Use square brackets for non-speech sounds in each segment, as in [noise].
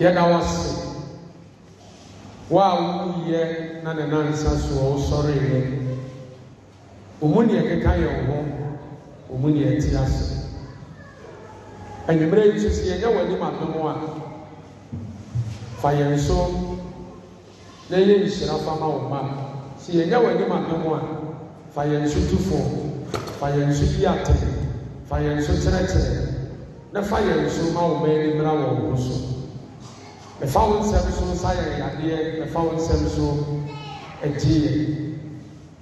yɛda wase wo a woyɛ na ne nansa so ɔwo sɔreeɛ ɔmu ne ɛkeka yɛ wo ho ɔmu ne ɛte ase anwummerɛ yi nso sɛ yɛnyɛ w'anim adom a fa yɛn so na yɛ nhyira fa ma wo ma sɛ yɛnyɛ w'anim adom a fa yɛn so tufo fa yɛn so bi ate fa yɛn so kyerɛkyerɛ na fa yɛn so ma wo ma ani mmra wɔ so mefa wo nsɛm so nsa yɛ yadeɛ mefa wo nsɛm so ɛgye yɛ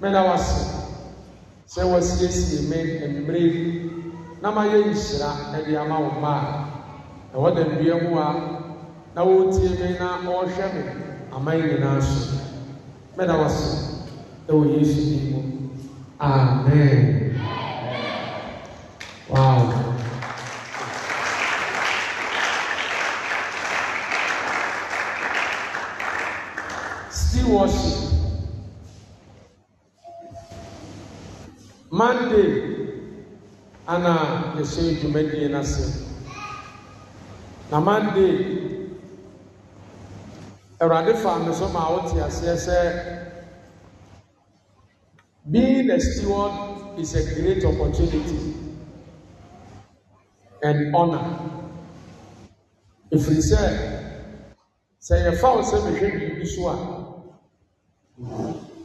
mena wase sɛ wasiesie me mmerɛ na mayɛ nhyira ɛde ama wo mma a ɛwɔ da nnua mu a na wɔretie me na ɔrehwɛ me aman nyinaa so mena wase ɛwɔ yesu din mu amen wow monday ana yɛhyɛ dwumadie no ase na monday awurade faa me so ma wote aseɛ sɛ being a steward is a great opportunity and honor ɛfiri sɛ sɛ yɛfa wo sɛ mehwɛ biribi so a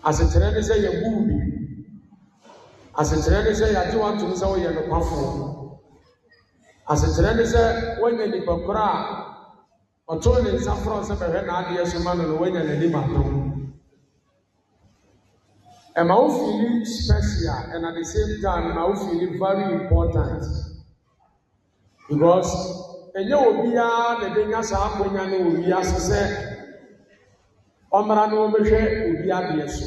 asekyerɛ ne sɛ yɛbuu biribi asekyerɛ ne sɛ yɛagye wato no sɛ woyɛ nokwafoɔ asekyerɛ ne sɛ woanya nnipakorɔ a ɔtoo ne nsa frɔ sɛ bɛhwɛ n'adeɛ so ma no no woanya n'anim ato ɛma wo feel special and at the same time ma wo feel very important because ɛnyɛ obiara na ɛde nya saa akonya ne wɔ wiase sɛ ɔmmara na wɔmmɛhwɛ obi adeɛ so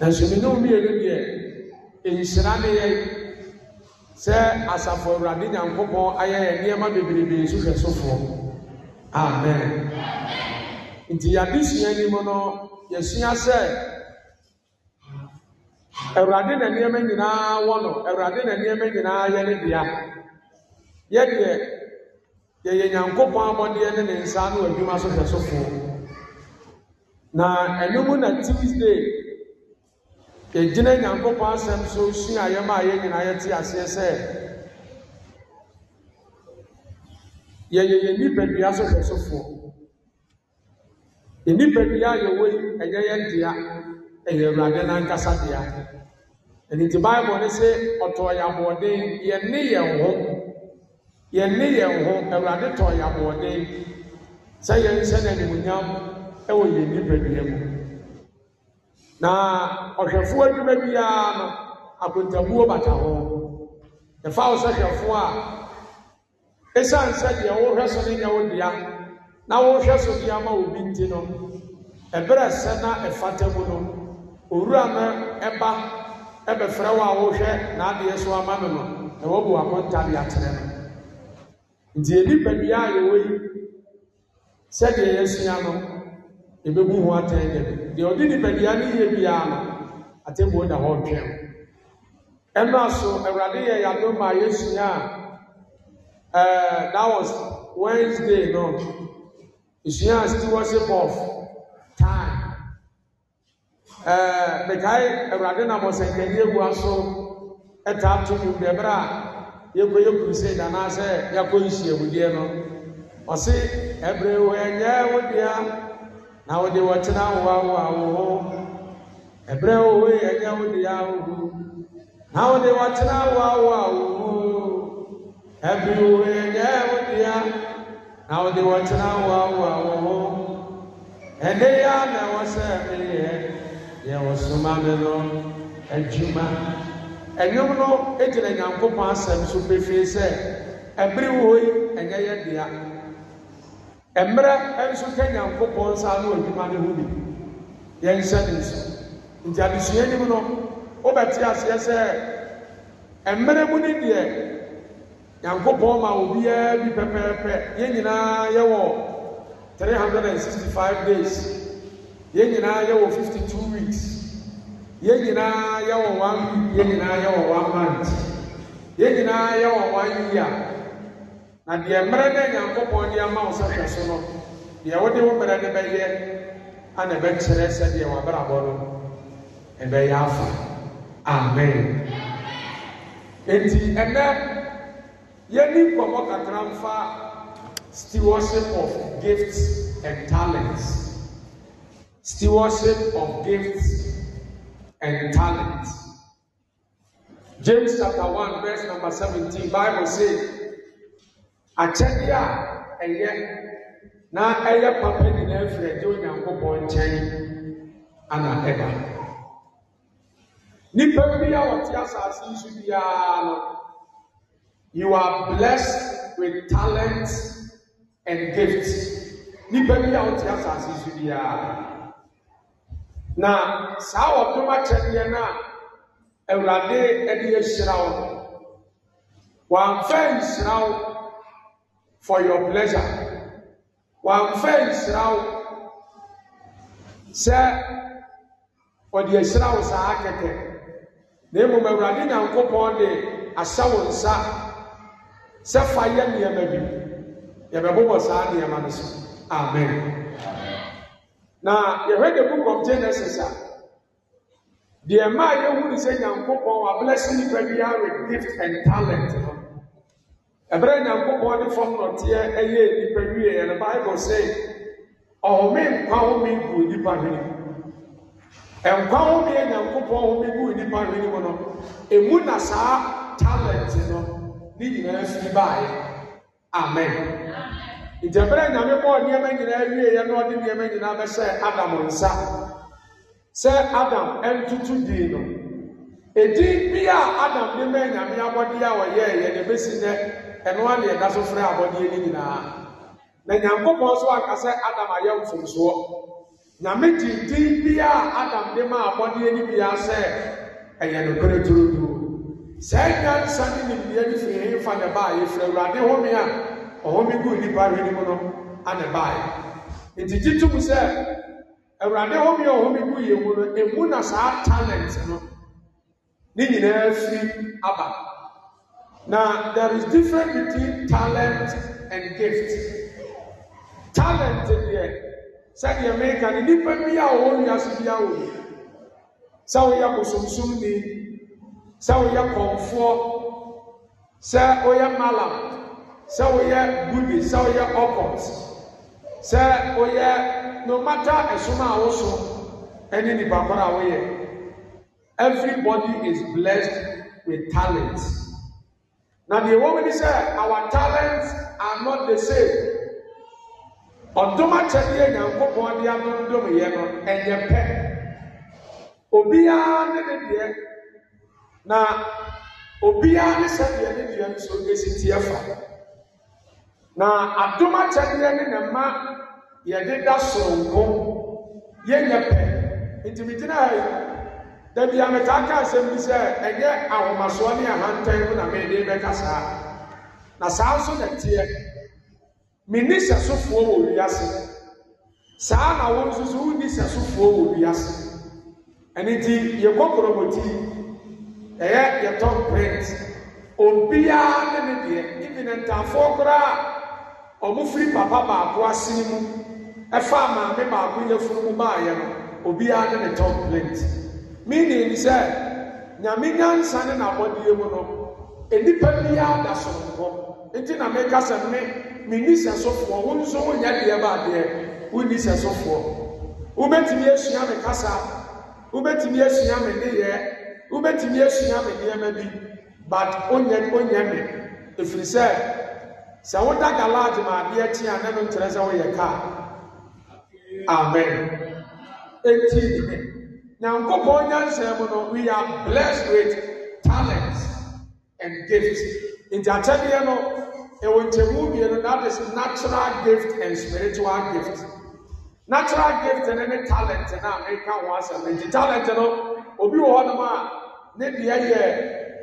nanso me ne wo mmienu deɛ nhyira ne yɛn sɛ asafo awurade nyankopɔn ayɛ yɛn nneɛma bebrebe nso hwɛ sofoɔ amen nti yɛade sua anim no yɛsua sɛ awurade na nneɛma nyinaa wɔ no awurade na nneɛma nyinaa yɛ ne dea yɛdeɛ yɛyɛ nyankopɔn abɔdeɛ ne ne nsa no adwuma so hwɛ sofoɔ na ɛno mu na tuesday yɛgyina nyankopɔn asɛm so sua yɛma a yɛn yɛte aseɛ sɛ yɛyɛ nipadua nipadua a yɛwɔ yi ɛnyɛ yɛn dea ɛyɛ awurade n'ankasa dea ɛni baibul ne sɛ ɔtɔɔ yɛ aboɔden yɛn ho yɛn yɛn ho awurade tɔɔ yɛ sɛ yɛn nhyɛ ɛwɔ yɛn nipadua mu. na ɔhwɛfoɔ adwuma biara no akontabuo bata ho ɛfa wo sɛ hwɛfoɔ a ɛsiane sɛ deɛ wohwɛ so no nyɛ wo dea na wohwɛ so dea ma obi nti no ɛberɛ sɛ na ɛfata mu no owura no ɛba ɛbɛfrɛ wo a wohwɛ n'adeɛ so ama no na wɔbu no nti ɛnipa biara yɛwɔ ebebu ho atɛn dɛdɛ deɛ ɔde nipadua ne yie biara no atembuo da hɔ ntwɛn ɛmaa so awurade yɛ yadom a yɛsua a ɛɛ that was wednesday no esua a stewardship of time ɛɛ mekae awurade nam ɔsɛnkɛnni egua so ɛtaa to mu dɛbɛrɛ a yɛkɔ yɛ kurusɛ danaasɛ yɛkɔ nhyiamudeɛ no ɔsi ɛbrɛ wɔ ɛnyɛ wo dea. na wòde wòtena awoawo awoho ebrɛ wowe ɛnyɛ wòde awoho na wòde wòtena awoawo awoho ebi wowe ɛnyɛ wòde ya na wòde wòtena awoawo awoho ɛnɛ ya na wɔsɛ ɛyɛ yɛ wɔsoma mi no adwuma ɛnwom no egyina nyankopɔn asɛm so pefee sɛ ebiri wowe ɛnyɛ yɛ mmerɛ nso ka nyankopɔn nsa ne adwuma ne ho bi yɛnhyɛ ne nso nti adesua anim no wobɛte aseɛ sɛ mmerɛ mu ne deɛ nyankopɔn ma obiara bi pɛpɛɛpɛ yɛn nyinaa yɛwɔ 365 days yɛn nyinaa yɛwɔ 52 weeks yɛn nyinaa yɛwɔ one week yɛn nyinaa yɛwɔ one month yɛn nyinaa yɛwɔ year na deɛ mmerɛ ne nyankopɔn de ama wo sɛ hwɛ so no deɛ wode wo mmerɛ ne bɛyɛ ana ɛbɛkyerɛ sɛdeɛ wabrabɔ no ɛbɛyɛ afa amen enti ɛnɛ yɛni nkɔmmɔ kakra mfa stewardship of gifts and talents stewardship of gifts and talents james chapter one verse number seventeen bible says akyɛdeɛ a ɛyɛ na ɛyɛ papa nyinaa firi agye onyankopɔn nkyɛn ana ɛba nipa bi a wɔte asase yi so biara no you are blessed with talent and gift nipa bi a wɔte asase yi so biara na saa wɔdom akyɛdeɛ no a awurade de ahyira wo wɔamfa nhyira wo for your pleasure wàmfẹ nsiraw sɛ ɔde asiraw saa kɛkɛ na emu awurade nyanko I de ahyɛ Sir, nsa sɛ fa baby. nneɛma bi a book of no so amen you read the book of genesis a deɛ mmaa yɛhu saying, "I am going to bless you bi ya with gift and talent ɛberɛ nyankopɔn de fam nɔteɛ ɛyɛ nnipa wie ɛne bible sɛ ɔhome nkwa home guu nnipa hwene nkwa home yɛ nyankopɔn home guu nnipa hwene mu no ɛmu na saa talent no ne nyinaa firi baeɛ amen nti ɛberɛ nyame bɔɔ nneɛma nyinaa wieɛ na ɔde nneɛma nyinaa bɛhyɛ adam nsa sɛ adam ɛntutu dii no edi bi a adam de mɛ nyame abɔdeɛ a wɔyɛɛ yɛ ne bɛsi nɛ ɛno a ne yɛda so frɛ abɔdeɛ no nyinaa na nyankopɔn nso anka sɛ adam ayɛ mfomsoɔ nyame dindin bi a adam de ma abɔdeɛ no biara sɛ ɛyɛ nokorɛ turoduro saa nyansa ne nimdeɛ no firi fa ne baa yɛfiri awurade home a ɔhome guu nnipa hwene mu no ane baeɛ nti gye tom sɛ awurade home a ɔhome guu yɛ mu no emu na saa talent no ne nyinaa firi aba na there is difference between talent and gift talent deɛ sɛdeɛ meka ne nipa bi a ɔwɔ wiase bi awo sɛ woyɛ bosomsomni sɛ woyɛ kɔnfoɔ sɛ woyɛ malam sɛ woyɛ budi sɛ woyɛ ɔkɔt sɛ woyɛ no mata ɛsom a woso ɛne nipa koro a woyɛ Everybody is blessed with talents. Now, the woman said, Our talents are not the same. Ọdọma kyɛdeɛ nyankopɔn de adomdom yɛ no ɛyɛ pɛ. Obiara ne ne deɛ na obiara ne sɛdeɛ ne deɛ nso esi tie fa. Na adoma kyɛdeɛ ne ne mma yɛde da soronko yɛyɛ pɛ. Ntumi gyina ha yi. dabi a aka asɛm bi sɛ ɛnyɛ ahomasoɔ ne ahantan mu na mɛde bɛka saa na saa nso na teɛ mene sɛsofoɔ wɔ wiase saa na wo nso so wonni sɛsofoɔ wɔ wiase ɛno nti yɛkɔ korɔmɔti ɛyɛ yɛtɔn print obiara ne ne deɛ ibi ne ntamfoɔ koraa ɔmofiri papa baako asene mu ɛfa maame baako yɛfunu mu baayɛ no obiara ne ne tɔn print meaning sɛ nyame nyansa ne n'abɔdeɛ mu no nnipa e biara da soronko nti na meka sɛ me menni sɛ sofoɔ wo nso wonyɛ deɛ baadeɛ wonni sɛ sofoɔ wobɛtumi asua me kasa wobɛtumi asua me nneyɛ wobɛtumi asua me nneɛma bi but onyɛ onyɛ me ɛfiri sɛ sɛ woda galage ma adeɛ kye a ne no nkyerɛ sɛ woyɛ kaa amen ɛnti nyankopɔn nyanhyɛn mu we are blessed with talents and gifts In akyɛdeɛ no ɛwɔ nkyɛnmu mmienu that is natural gift and spiritual gift natural gift ne ne talent na meka ho asɛm nti talent you no obi wɔ hɔnom a ne deɛ yɛ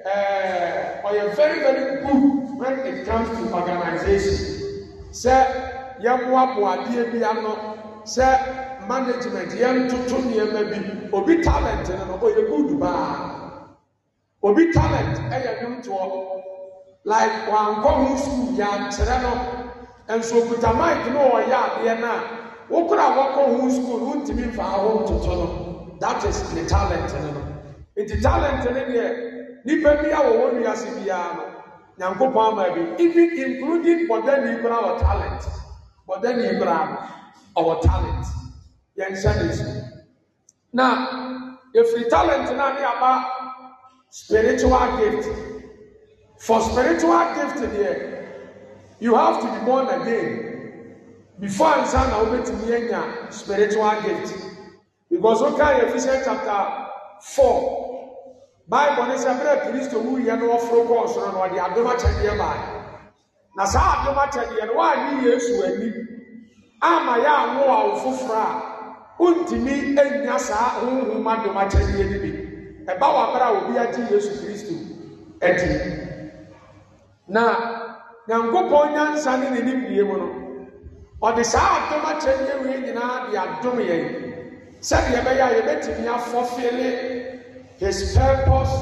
ɛɛ very very good when it comes to organization Sir, sɛ yɛmoaboa adeɛ bi ano sɛ management yɛntoto nneɛma bi obi talent no no ɔyɛ good baa obi talent yɛ dwomtoɔ like wankɔ ho sukuu yɛankyerɛ no nso okuta mic no ɔyɛ adeɛ no a wokora wɔkɔ ho sukuu no wontumi mfa ho ntoto no that is the talent no no nti talent no deɛ nnipa bi a wɔwɔ wiase biara no nyankopɔn ama bi even including bɔdani koraa wɔ talent bɔdani koraa our talent yɛnhyɛ ne Now, na efiri talent na ne about spiritual gift for spiritual gift deɛ you have to be born again before ansa na wobɛtumi anya spiritual gift because look at Ephesians chapter four bible ne sɛ bere kristo wu yɛ no ɔforo kɔ ɔsoro na ɔde adom akyɛdeɛ baa na saa adom akyɛdeɛ no wɔanyi yesu anim. ama yɛ awo awo foforɔ a wontumi anya saa honhom adom akyɛdeɛ no bi ɛba wɔ abere a obi agye yesu kristo adi na nyankopɔn nyansa ne ne nimdie mu no ɔde saa adom akyɛdeɛ wei nyinaa de adom yɛn sɛdeɛ ɛbɛyɛ a yɛbɛtumi afɔfele his purpose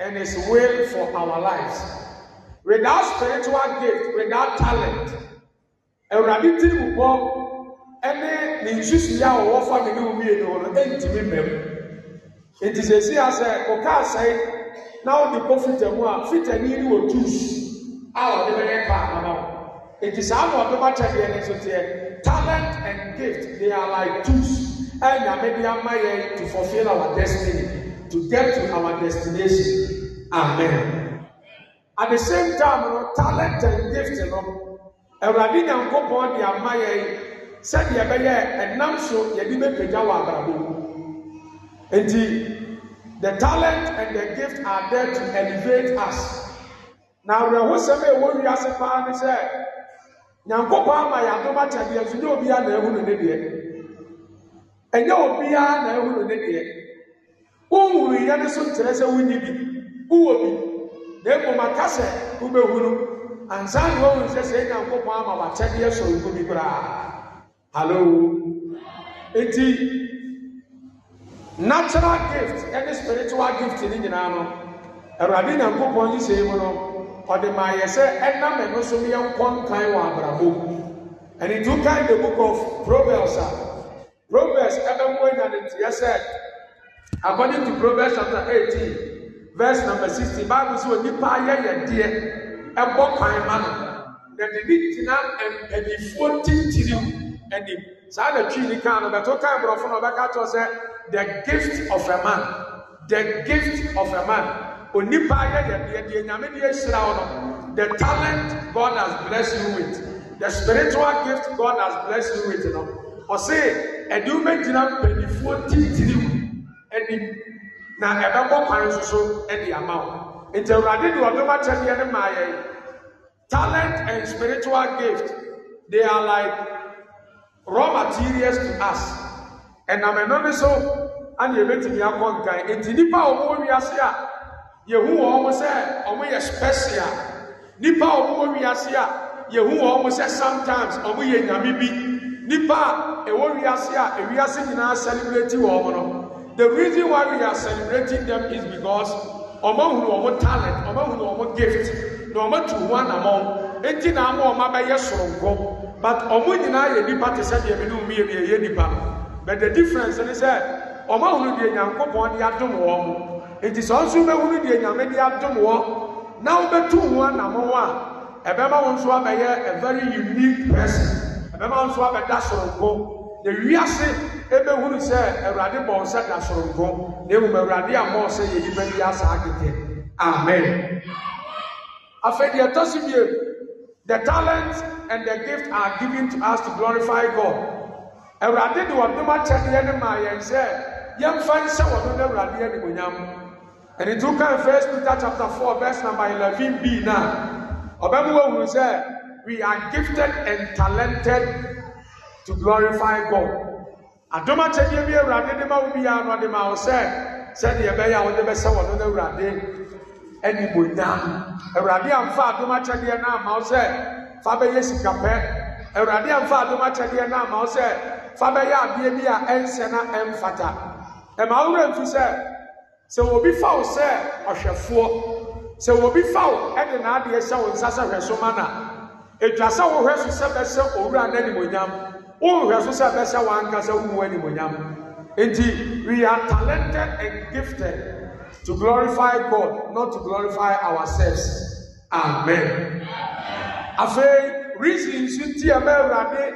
and his will for our lives without spiritual gift without talent awurade tiri mu bɔ ɛne ne nsusuiɛ a wɔwɔ fa ne ne mu mmienu hɔ no ɛntumi mɛm nti sɛ esi asɛ ɔka asɛe na ɔde kɔ fita mu a fita ni ni wɔ tuus a ɔde bɛyɛ paa ama wo nti saa na ɔde bata deɛ ne nso teɛ talent and gift they are like tools a nyame de ama yɛn to fulfil our destiny to get to our destination amen at the same time no talent and gift no. awurade nyankopɔn de ama yɛn sɛdeɛ ɛbɛyɛ ɛnam so yɛde bɛpagya wɔ abrabɔ mu nti the talent and the gift are there to elevate us na awerɛhosɛm a ɛwɔ wiase paa ne sɛ nyankopɔn ama yɛadom akyɛdeɛ nyɛ na ɛhunu ne deɛ na ɛhunu ne deɛ wohunu yɛ so nkyerɛ sɛ wonyi bi wowɔ bi na mmom aka sɛ ansa ne wɔn sɛ sɛ nyankopɔn ama wakyɛdeɛ sɔrɔ nkumi koraa hallo eti natural gift ɛne spiritual gift ne nyinaa no awurade nyankopɔn yi sɛ mu no ɔde ma yɛ sɛ ɛnam ɛno so yɛ nkɔ nkan wɔ abrabɔ mu ɛne kan the book of proverbs a proverbs ɛbɛmo anya ne teɛ sɛ according to proverbs chapter eighteen verse number sixty bible sɛ onipa ayɛ yɛ deɛ ɛbɔ kwan ma no na de ne tena mpanimfoɔ titiri anim saa na twi ni kan no bɛto kan borɔfo na ɔbɛka kyerɛ sɛ the gift of a man the gift of a man onipa ayɛ yɛdeɛ deɛ nyame deɛ ahyira wo no the talent god has blessed you with the spiritual gift god has blessed you with no ɔse ɛde wo bɛgyina mpanimfoɔ titiri anim na ɛbɛbɔ kwan nso so de ama wo nti awurade de ɔdɔm akyɛdeɛ ne maa yɛn talent and spiritual gift they are like raw materials to us ɛnam ɛno ne so ana yɛbɛtumi akɔ nkan nti nnipa a wɔwɔ wiase a yɛhu wɔn mo sɛ ɔmo yɛ special nnipa a wɔwɔ wiase a yɛhu wɔn mo sɛ sometimes ɔmo yɛ nyame bi nnipa a ɛwɔ wiase a ewiase nyinaa celebrate wɔn mo no the reason why we are celebrating them is because. ɔmahunu wɔn talent ɔmahunu wɔn gift na ɔmatu ho anammɔn eti na ama ɔma bɛyɛ soronko but ɔmo nyinaa yɛ nipa te sɛ deɛ mi ne omi yɛ deɛ yɛ nipa but the difference ne sɛ ɔmahunu deɛ nyankopɔn de adum wɔn eti sɛ ɔnso bɛhunu deɛ nyame de adum wɔn na ɔbɛtu ho anammɔn a ɛbɛma wɔn nso abɛyɛ a very unique person ɛbɛma wɔn nso abɛda soronko. na wiase ebehunu sɛ awurade bɔ nsa da soronko na emu awurade a mɔɔ sɛ yɛ nipa bi asa akete amen afei deɛ ɛtɔ so bie the talent and the gift are given to us to glorify god awurade de wɔn doma kyɛdeɛ ne maa yɛn sɛ yɛmfa nhyɛ wɔn no awurade animonyam ɛne tu kan first peter chapter four verse number eleven b na ɔbɛn mu wɔhunu sɛ we are gifted and talented to glorify God. Adoma kyɛdeɛ bi awurade de ma wo biara no ɔde ma wo sɛ sɛdeɛ ɛbɛyɛ a wode bɛsɛ wɔ no no awurade ɛne bonyam. Awurade amfa adoma kyɛdeɛ no ama wo sɛ fa bɛyɛ sikapɛ. Awurade amfa adoma kyɛdeɛ no ama wo sɛ fa bɛyɛ adeɛ bi a ɛnsɛ na ɛmfata. Ɛma wo werɛ mfi sɛ sɛ obi fa wo sɛ ɔhwɛfoɔ sɛ obi fa wo ɛde n'adeɛ hyɛ wo nsa sɛ hwɛ ma na. Edwa sɛ wohwɛ so sɛ bɛsɛ owura n'animonyam we are talented and gifted to glorify god not to glorify ourselves amen afei reason nso nti ɛma awurade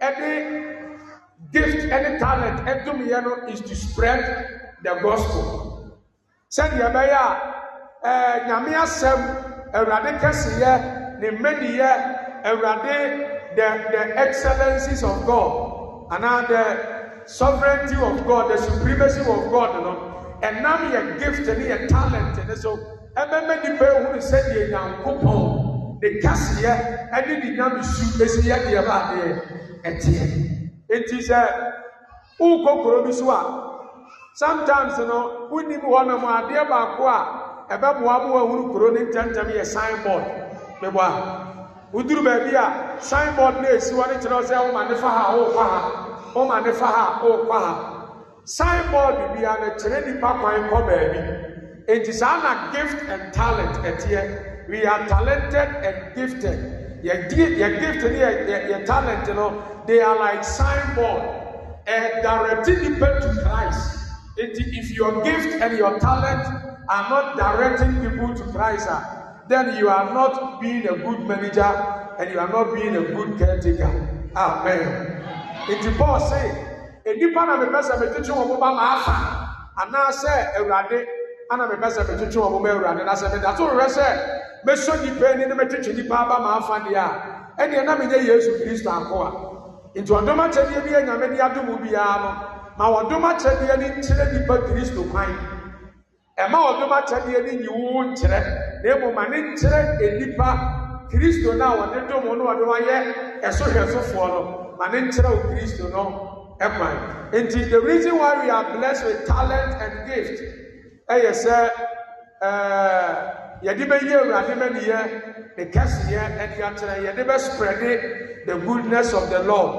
ɛde gift any talent ɛdumiyɛ no is to spread the gospel sɛdeɛ ɛbɛyɛ a ɛɛ nyame asɛm awurade kɛseyɛ ne mmeniyɛ awurade the, the excellencies of God, and now the sovereignty of God, the supremacy of God, you know, and now your gift and your talent, and so, and then many people who said, they are coupon, the cassia, and then the name is the idea about the etienne. It is a ukoko Sometimes, you know, we need one of my dear Bakwa, a babuamu, who couldn't tell me a signboard woduru baabi a signboard na esi hɔ ne kyerɛ sɛ woma ne fa ha wokɔ ha woma ne fa ha wokɔ ha signboard bia no kyerɛ nipa kwan kɔ baabi enti saa na gift and talent ɛteɛ we are talented and gifted yɛ gift ne yɛ talent no they are like signboard ɛdirect nipa to Christ enti if your gift and your talent are not directing people to Christ ah then you are not being a good manager and you are not being a good caretaker. Amen. Nti Paul say, enipa na mepɛ sɛ metutu wɔn ba ma afa anaasɛ awurade ana mepɛ sɛ metutu wɔn ba awurade na sɛ medato rɛ sɛ meso nipa ni na metutu nipa aba ma afa deɛ a ɛnneɛ na menyɛ Yesu Kristo ako a nti ɔdɔm akyɛdeɛ bi a nyame de adom biara no ma wɔdɔm akyɛdeɛ no nkyerɛ nipa Kristo kwan ɛma ɔdwom akyɛdeɛ ne nyiwu nkyerɛ na mmom ma ne nkyerɛ nipa kristo no a wɔde dom no wɔde wayɛ ɛso hwɛsofoɔ no ma ne nkyerɛ wo kristo no ɛkwan nti the reason why we are blessed with talent and gift ɛyɛ sɛ ɛɛ yɛde bɛyɛ awurade maniyɛ ne kɛseyɛ ɛde akyerɛ yɛde bɛsprɛde the goodness of the lord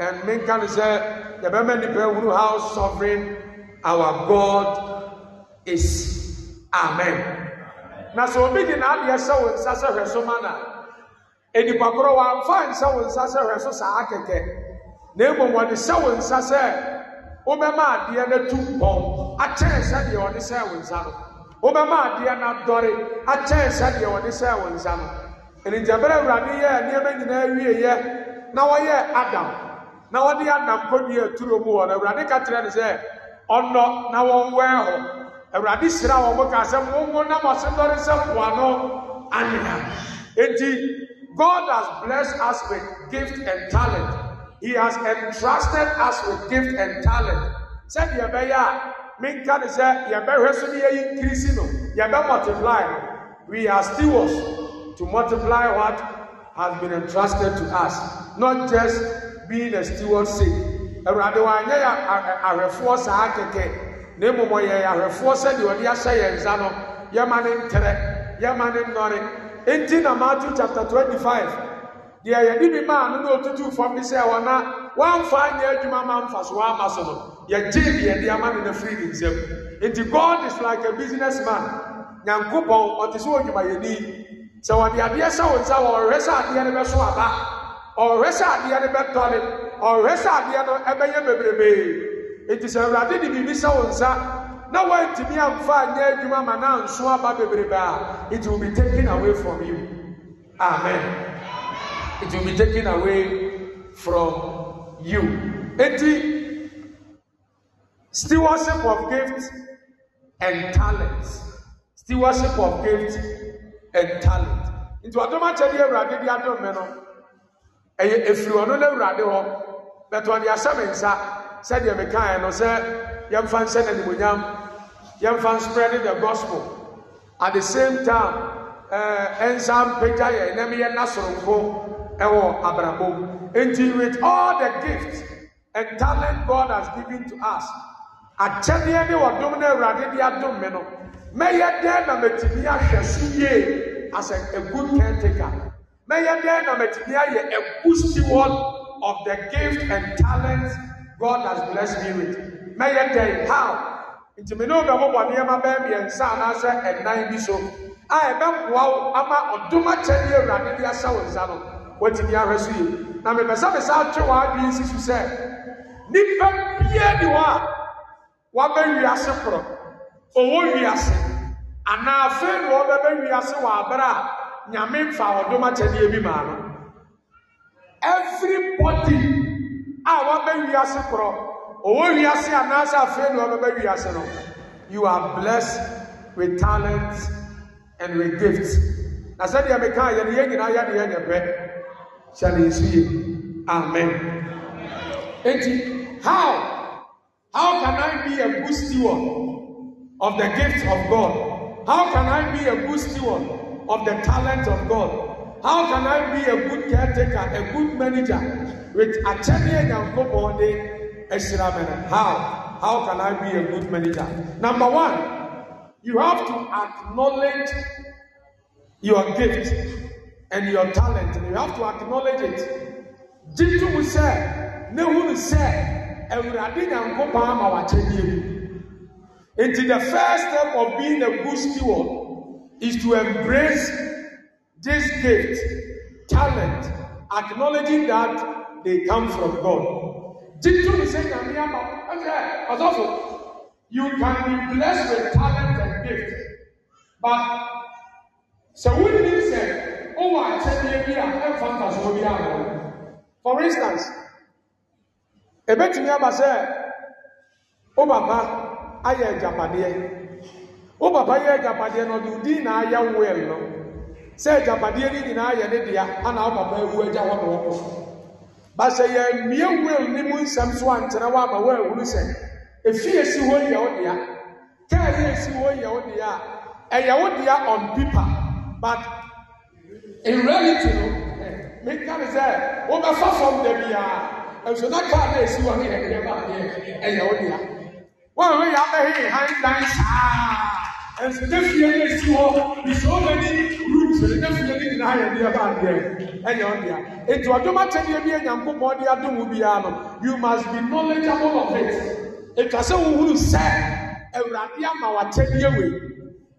and menka no sɛ yɛbɛma nnipa ahuru how sovereign our god esi amen na sɛ obi de n'adeɛ hyɛ wɔn nsa sɛ hwɛ so ma na enipa korɔ wɔamfa nhyɛ wɔn nsa sɛ hwɛ so saa kɛkɛ na emu wɔde hyɛ wɔn nsa sɛ wɔbɛma adeɛ n'etu tu bɔn akyɛn sɛ deɛ wɔde hyɛ wɔn nsa no wɔbɛma adeɛ no adɔre akyɛn sɛ deɛ wɔde hyɛ wɔn nsa no enigyabere awurade yɛ nneɛma nyinaa wie yɛ na wɔyɛ adam na wɔde adam kɔdua turo mu wɔ no awurade ka kyerɛ no sɛ ɔnɔ na wɔn wɛn hɔ. awurade hyira wɔn mo kaa sɛ wɔn nam asɛndɔre sɛ poano anea eti god has blessed us with gift and talent he has entrusted us with gift and talent sɛdeɛ ɛbɛyɛ a menka ne sɛ yɛbɛhwɛ so ne yɛyi nkirisi no yɛbɛ multiply we are stewards to multiply what has been entrusted to us not just being a steward sake awurade wɔn anyɛ ahwɛfoɔ saa kɛkɛ na mmom yɛ ahwɛfoɔ sɛdeɛ ɔde ahyɛ yɛn nsa no yɛma ne nterɛ yɛma ne nnɔre nti na matthew chapter twenty five deɛ yɛde bi maa no na otutu fam bi sɛ wɔn na wɔamfa adwuma ma mfa so wɔama so no yɛgye deɛ de ama ne na ne nsam nti god is like a business man nyankopɔn ɔte sɛ odwumayɛni sɛ wɔde adeɛ sɛ wo nsa wɔrehwɛ sɛ adeɛ no bɛso aba ɔrehwɛ sɛ adeɛ no bɛtɔre ɔrehwɛ sɛ adeɛ no ɛbɛyɛ bebrebee enti sɛ awurade de biribi sɛ wo nsa na woantumi amfa anyɛ adwuma ma na nso aba bebrebe a it will be taken away from you amen it will be taken away from you enti stewardship of gift and talent stewardship of gift and talent nti wadom akyɛde awurade di adom me no ɛyɛ efiri ɔno na awurade hɔ bɛtɔ de ahyɛ nsa sɛdeɛ mekaeɛ no sɛ yɛmfa nhyɛ no animonyam yɛmfa nspread the gospel at the same time eh, ɛnsa mpagya yɛn na meyɛ nasoronko ɛwɔ abrabɔ nti with all the gifts and talent god has given to us akyɛdeɛ ne wɔdom no awurade de adom me no mɛyɛ dɛn na matumi ahwɛ so yie as a, a good caretaker mɛyɛ dɛn na matumi ayɛ a good steward of the gift and talents." god has blessed me with mɛyɛ dɛn how nti mi ne wo bɛbɔbɔ nneɛma bɛɛ mmiɛnsa anaasɛ ɛnan bi so a ɛbɛboa e wo ama ɔdom akyɛdeɛ awurade de ahyɛ wo nsa no wɔatumi ahwɛ na mepɛ sɛ mesa atwe w'adwene si so nnipa bia ni hɔ a wabɛ wiase korɔ ɔwɔ anaa afei na ɔbɛbɛ wiase a nyame mfa ɔdom akyɛdeɛ bi maa no everybody a wɔbɛwiase korɔ ɔwɔ wiase anaasɛ afei ne wɔbɛbɛwiase no you are blessed with talent and with gift na sɛdeɛ meka yɛ ne yɛn nyinaa yɛ ne yɛn ne pɛ hyɛ ne nsu yie amen enti how how can i be a good steward of the gift of god how can i be a good steward of the talent of god How can I be a good caretaker, a good manager with a champion Achene Nyankopɔn Eshiramena? How? How can I be a good manager? Number one, you have to acknowledge your gift and your talent. And you have to acknowledge it. Jitu mu sɛ, ne hunu sɛ, and Nyankopɔn ama w'akyɛdeɛ mu. Nti the first step of being a good steward is to embrace this gift, talent, acknowledging that they come from God. Didn't you say also you can be blessed with talent and gift, but so we didn't say, oh, I said, yeah, oh, for instance, ebetumi aba sɛ wo papa ayɛ agyapadeɛ wo papa yɛ agyapadeɛ no ɔde wo din na well no sɛ agyapadeɛ no nyinaa yɛ ne dea ana wo papa awu agya hɔ ma wɔkɔ ba sɛ yɛmmie wuram ne mu nsɛm so ama sɛ ɛfie si hɔ yɛ wo dea kaa yɛ si hɔ yɛ wo dea a ɛyɛ wo dea on paper but in reality no meka ne sɛ wobɛfa fam da biara na kaa ɛsi hɔ yɛ ɛyɛ wo dea nsɛnɛ fie ne hɔ nsuo ni roots ne fie nyinaa yɛ deɛ baa deɛ ɛyɛ etu adwom akyɛdeɛ bi enyankopɔn de adom biara no you must be knowledgeable of it etwa sɛ wohuru sɛ awurade ama w'akyɛdeɛ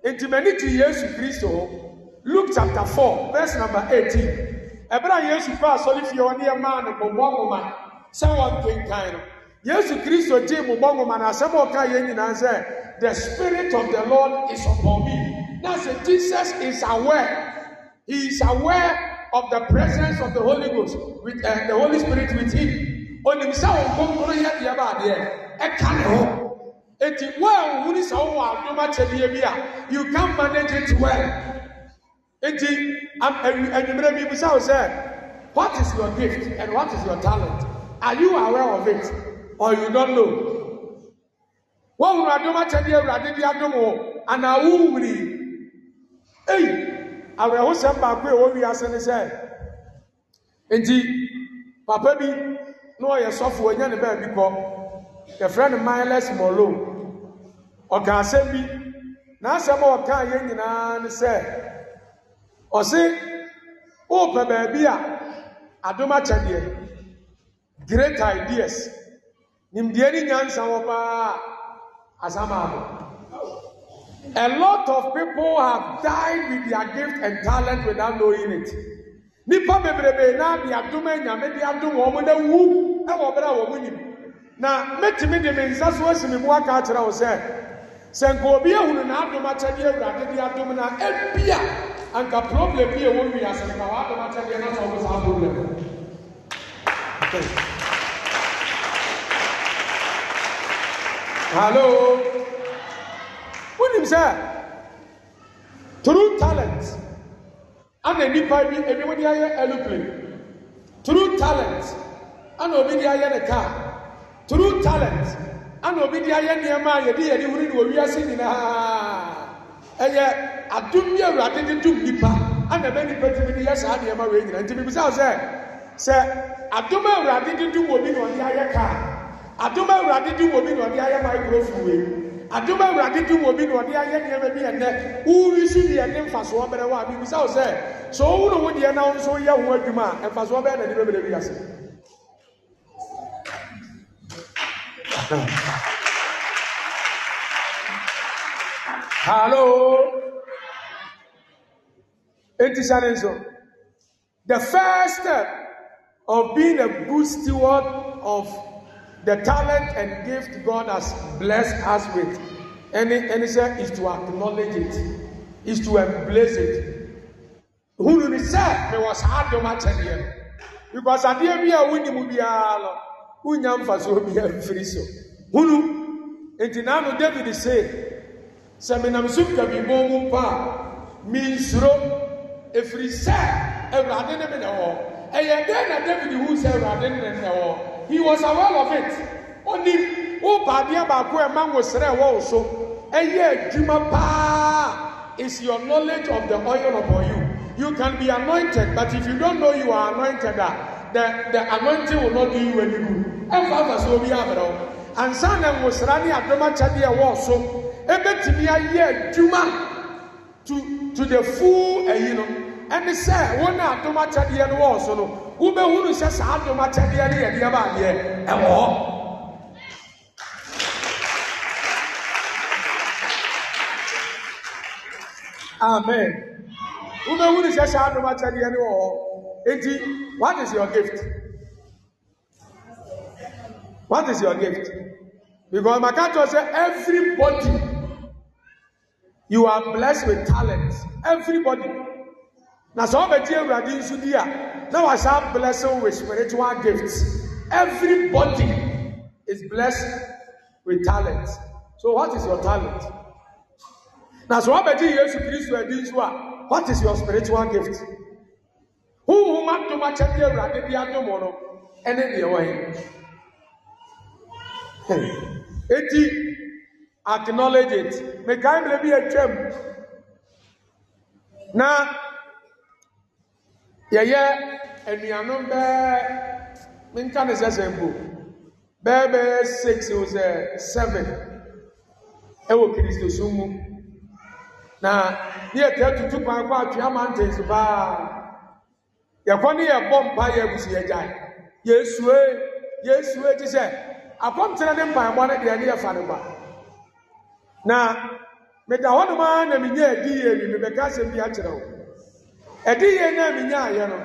wei nti mɛ ni ti yesu kristo hɔ luke chapter four verse number eighteen ɛbɛrɛ a yesu kɔ asɔre fie hɔ ne ɛmaa ne bɔbɔ nwoma sɛ wɔn nkenkan no yesu kristo gyee mo bɔ nwoma na asɛm a ɔka yɛn nyinaa the spirit of the lord is upon me na sɛ jesus is aware he is aware of the presence of the holy ghost with uh, the holy spirit with him onim sɛ wɔn nkonkoro yɛ deɛ baadeɛ ɛka ne ho eti wɔn a wɔn sɛ wɔn wɔ adoma kyɛdeɛ bi a you can manage it well eti enumere bi bi sɛ o what is your gift and what is your talent are you aware of it. or you don't know. wohunu adom akyɛde awurade de adom eyi anaa wowurii ei awerɛhosɛm a ɛwɔ wiase ne sɛ nti papa bi na ɔyɛ sɔfo anya ne baabi kɔ yɛfrɛ no miles molo ɔka asɛm bi n'asɛm a ɔkaa yɛn nyinaa ne sɛ ɔse wopɛ baabi a adom ideas nimdeɛ ni nyansa wɔ paa asamaabo a lot of people have died with their gift and talent without knowing it nipa bebrebe na de adum anyame de adum wɔn mo na wu ɛwɔ bere a wɔn mo nim na mɛtumi de me nsa so esi mi mu aka akyerɛ wo sɛ sɛ nka obi ehunu na adum akyɛdeɛ awurade de adum na ebia anka problem bi a wɔn wi asɛnka wɔn adum akyɛdeɛ na sɛ ɔmo saa problem. Hello? Wonim sɛ true talent ana nipa bi ebi wɔde ayɛ aeroplane true talent ana obi de ayɛ ne car true talent ana obi de ayɛ nneɛma a yɛde yɛde huri na owiase nyinaa ɛyɛ adum yi awurade de dum nipa ana bɛ nipa ti bi de yɛ saa nneɛma wei nyinaa nti bibi sɛ sɛ adum awurade de dum obi na ɔde ayɛ car adom awurade di wɔ bi na ɔde ayɛ microphone wei adom awurade di wɔ bi na ɔde ayɛ nneɛma bi ɛnɛ wuri si deɛ ne mfasoɔ bɛrɛ wɔ a bibi sa o sɛ so owu na wo deɛ na nso yɛ ho adwuma a mfasoɔ bɛrɛ na ne bɛbɛrɛ bi ase. Hello. Eti sani nso. The first step of being a good steward of the talent and gift God has blessed us with, any it, and is to acknowledge it, is to embrace it. Hunu ni sɛ mɛ Was hard to match no because the adeɛ bi a wunimu biara no wunya mfasoɔ biara mfiri so hunu nti naanu David sɛ sɛ menam so kabi bɔn mu Means a minsuro efiri sɛ awurade ne mi na wɔ ɛyɛ dɛn na David who sɛ awurade ne ne na wɔ he was aware of it ó ní ó baadeɛ baako ɛ man wò srɛ wɔ wò so paa is your knowledge of the oil upon you you can be anointed but if you don't know you are anointed that ah, the the anointing will not do you any good ɛnfa afa so obi abɛrɛ o ansa na nwosra ne adomakyɛdeɛ wɔ so ebetumi ayɛ adwuma to to the full ɛyi no ɛne sɛ wɔn a dom akyɛdeɛ no wɔɔ so no wobɛhunu sɛ saa dom akyɛdeɛ no yɛ deɛ ba adeɛ ɛwɔ hɔ. amen wobɛhunu sɛ saa dom akyɛdeɛ no wɔ hɔ enti what is your gift what is your gift because my tɔ say, everybody you are blessed with talent everybody na sɛ wɔbɛgye awurade nso di a na wasan blessing with spiritual gifts everybody is blessed with talent so what is your talent na sɛ wɔbɛgye yesu kristo adi nso a what is your spiritual gift huhum adum akyɛde awurade bi adum no ɛne deɛ wɔyɛ eti acknowledge it mekan bere bi atwam na. yɛyɛ anuanom bɛɛ menka ne sɛ sɛ mpo bɛɛ bɛɛ six o sɛ eh, seven ɛwɔ kristo so mu na yɛ tɛ tutu kwan kɔ atwea mountains paa yɛkɔ ne yɛbɔ mpa yɛ abusu yɛgyae yɛsue yɛsue ti sɛ akɔmtena ne mpaebɔ ne deɛ ne yɛfa ne ba na meda hɔnom a na menyɛ adi yɛ bi mebɛka asɛm bi akyerɛ wo ɛdi yie na mi nya ayɛ no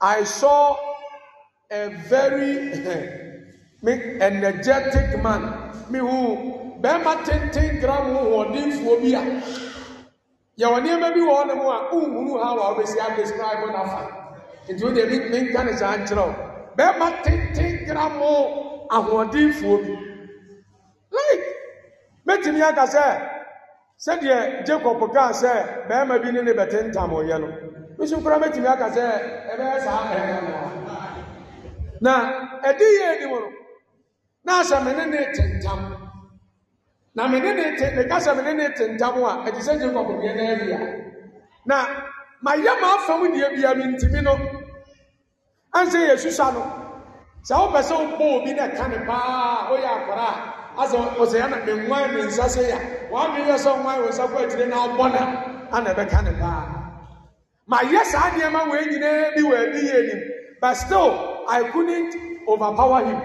i saw a very [laughs] energetic man mi hu bɛrima tenten gram hoɔdenfoɔ bi a yɛwɔ nneɛma bi wɔ hɔnom a nhunu ha a abɛsi adescribe n'afa nti o deɛ mi mi nka ne saa nkyerɛw bɛrima tenten gram ahoɔdenfoɔ bi like mɛtumi aka sɛ. sɛdeɛ jacob kaa sɛ bɛrima bi ne ne bɛte ntamoyɛ no mesu koraa mɛtumi aka sɛ ɛbɛyɛ saa bɛrima no na ɛde yɛ ni mu no na asɛ me ne ne tentam na mene ne ne te ne kasa mene ne ne tentam a ɛte sɛ jacob deɛ na ɛyɛ a na mayɛ ma afam deɛ bia me ntimi no ansɛ yɛ susa no sɛ wopɛ sɛ obi na ɛka ne paa woyɛ akwara a asɛ ɔsɛ ɛna mɛ nwan mɛ nsa se ya wɔn yɛ sɛ nwan wɔ nsa kɔ akyire na ɔbɔ na ana ɛbɛka ne paa ma yɛ saa nneɛma wɔn nyinaa bi wɔ ɛbi yɛ anim but still i couldnt overpower him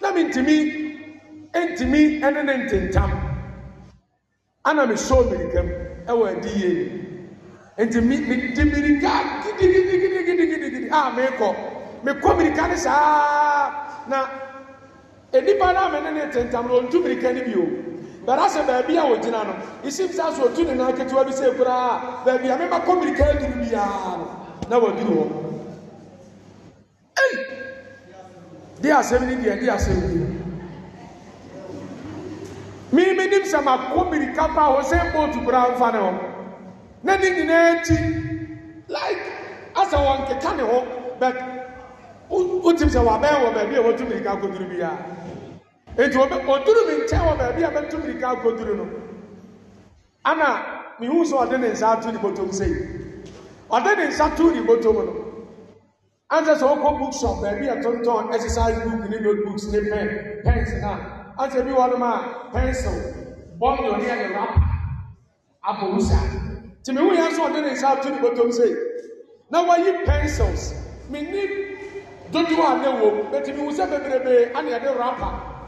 na mi ntumi ntumi ɛne ne ntentam ana mi so mirika mu ɛwɔ e ɛdi yɛ anim nti mi mi di mirika gidigidigidigidi a ah, mi kɔ mi kɔ mirika ne saa na enipa naa mɛ ne ne tentam no ontu mirika ni bi o bɛrɛ asɛ baabi a wogyina no esi bi sa so otu ne nan ketewa bi se koraa baabi a mɛma kɔ aduru biara no na waduru hɔ ei di asɛm ni deɛ di asɛm ni mii mi nim sɛ ma kɔ mirika pa hɔ sɛ bootu koraa nfa ne hɔ na ne nyinaa akyi like asɛ wɔn keka ne ho but wotim sɛ wabɛn wɔ baabi a wɔtu mirika kɔ biara nti ɔduru mi nkyɛn wɔ baabi a bɛtu mirika akɔduru no ana mihu sɛ ɔde ne nsa ato ne bɔtɔm sei ɔde ne nsa to ne bɔtɔm no ansɛ sɛ ɔkɔ book shop baabi a tontɔn exercise book ne notebooks ne pen pens na ansɛ bi wɔnom a pencil bɔmdɔ ne ɛne rapa abɔ wusa nti mihu yɛ sɛ ɔde ne nsa ato ne bɔtɔm sei na wɔyi pencils menni dodoɔ a ne wɔ bɛti mihu sɛ bebrebe ana ɛde rapa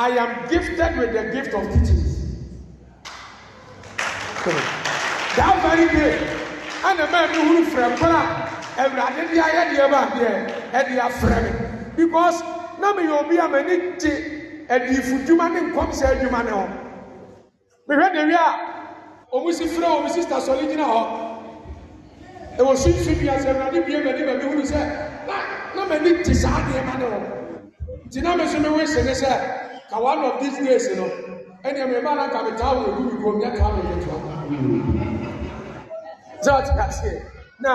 I am gifted with the gift of teaching. that very day, and the man who from Para, and rather the idea about here, and they are friend. Because now me will be a minute, and if you man comes here, you man know. We read the real, almost if you know, sister Solidina, ɛwɔ sunsun bi asɛ ɛwurade bie mɛ ne mɛ mi huru sɛ na na mɛ we ti saa deɛ ma ne wɔ nti na mɛ so mi wɔ esene sɛ. ka one of these days no ɛnna mɛ n'aka mi taa wɔn ebi kɔn nyɛ taa wɔn ebi taa sɛ ɔte aseɛ na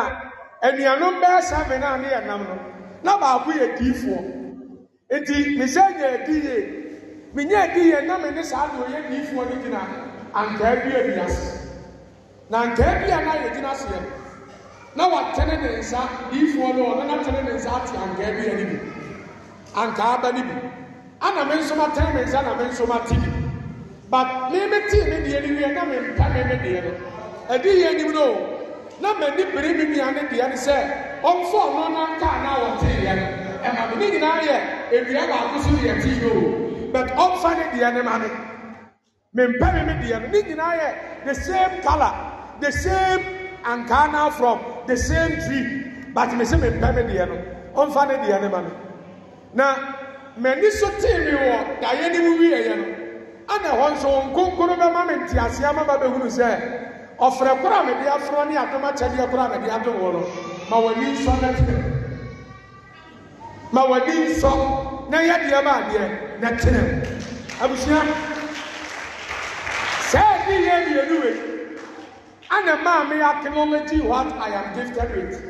anuanom bɛyɛ sɛmɛ naa ne yɛ no na baako yɛ diifoɔ nti mesɛ nyɛ adi yie menyɛ adi yie na gyina ase na a na gyina na ne nsa na ne nsa bi ni ana me nso matene me nsa na me nso mate bi but me me tee ne deɛ no wie na me mpa me me deɛ no ɛdi yɛ anim no na m'ani bere me nua ne deɛ no sɛ ɔmfa ɔno no nkaa na wɔtee deɛ no ɛma me ne nyinaa yɛ ewia baako so deɛ tee no but ɔmfa ne deɛ no ma me me mpa me me deɛ no ne nyinaa yɛ the same colour the same ankaa na from the same tree but me sɛ me mpa me deɛ no ɔmfa ne deɛ no ma me na m'ani so tee mi wɔ daeɛ ne mu wieɛ no nso nkonkoro ma ba bɛhunu sɛ ɔfrɛ koro a mede aforɔ ne adom akyɛdeɛ koro a wɔ no ma w'ani nsɔ na ma nsɔ na abusua yɛ wei me what i am gifted with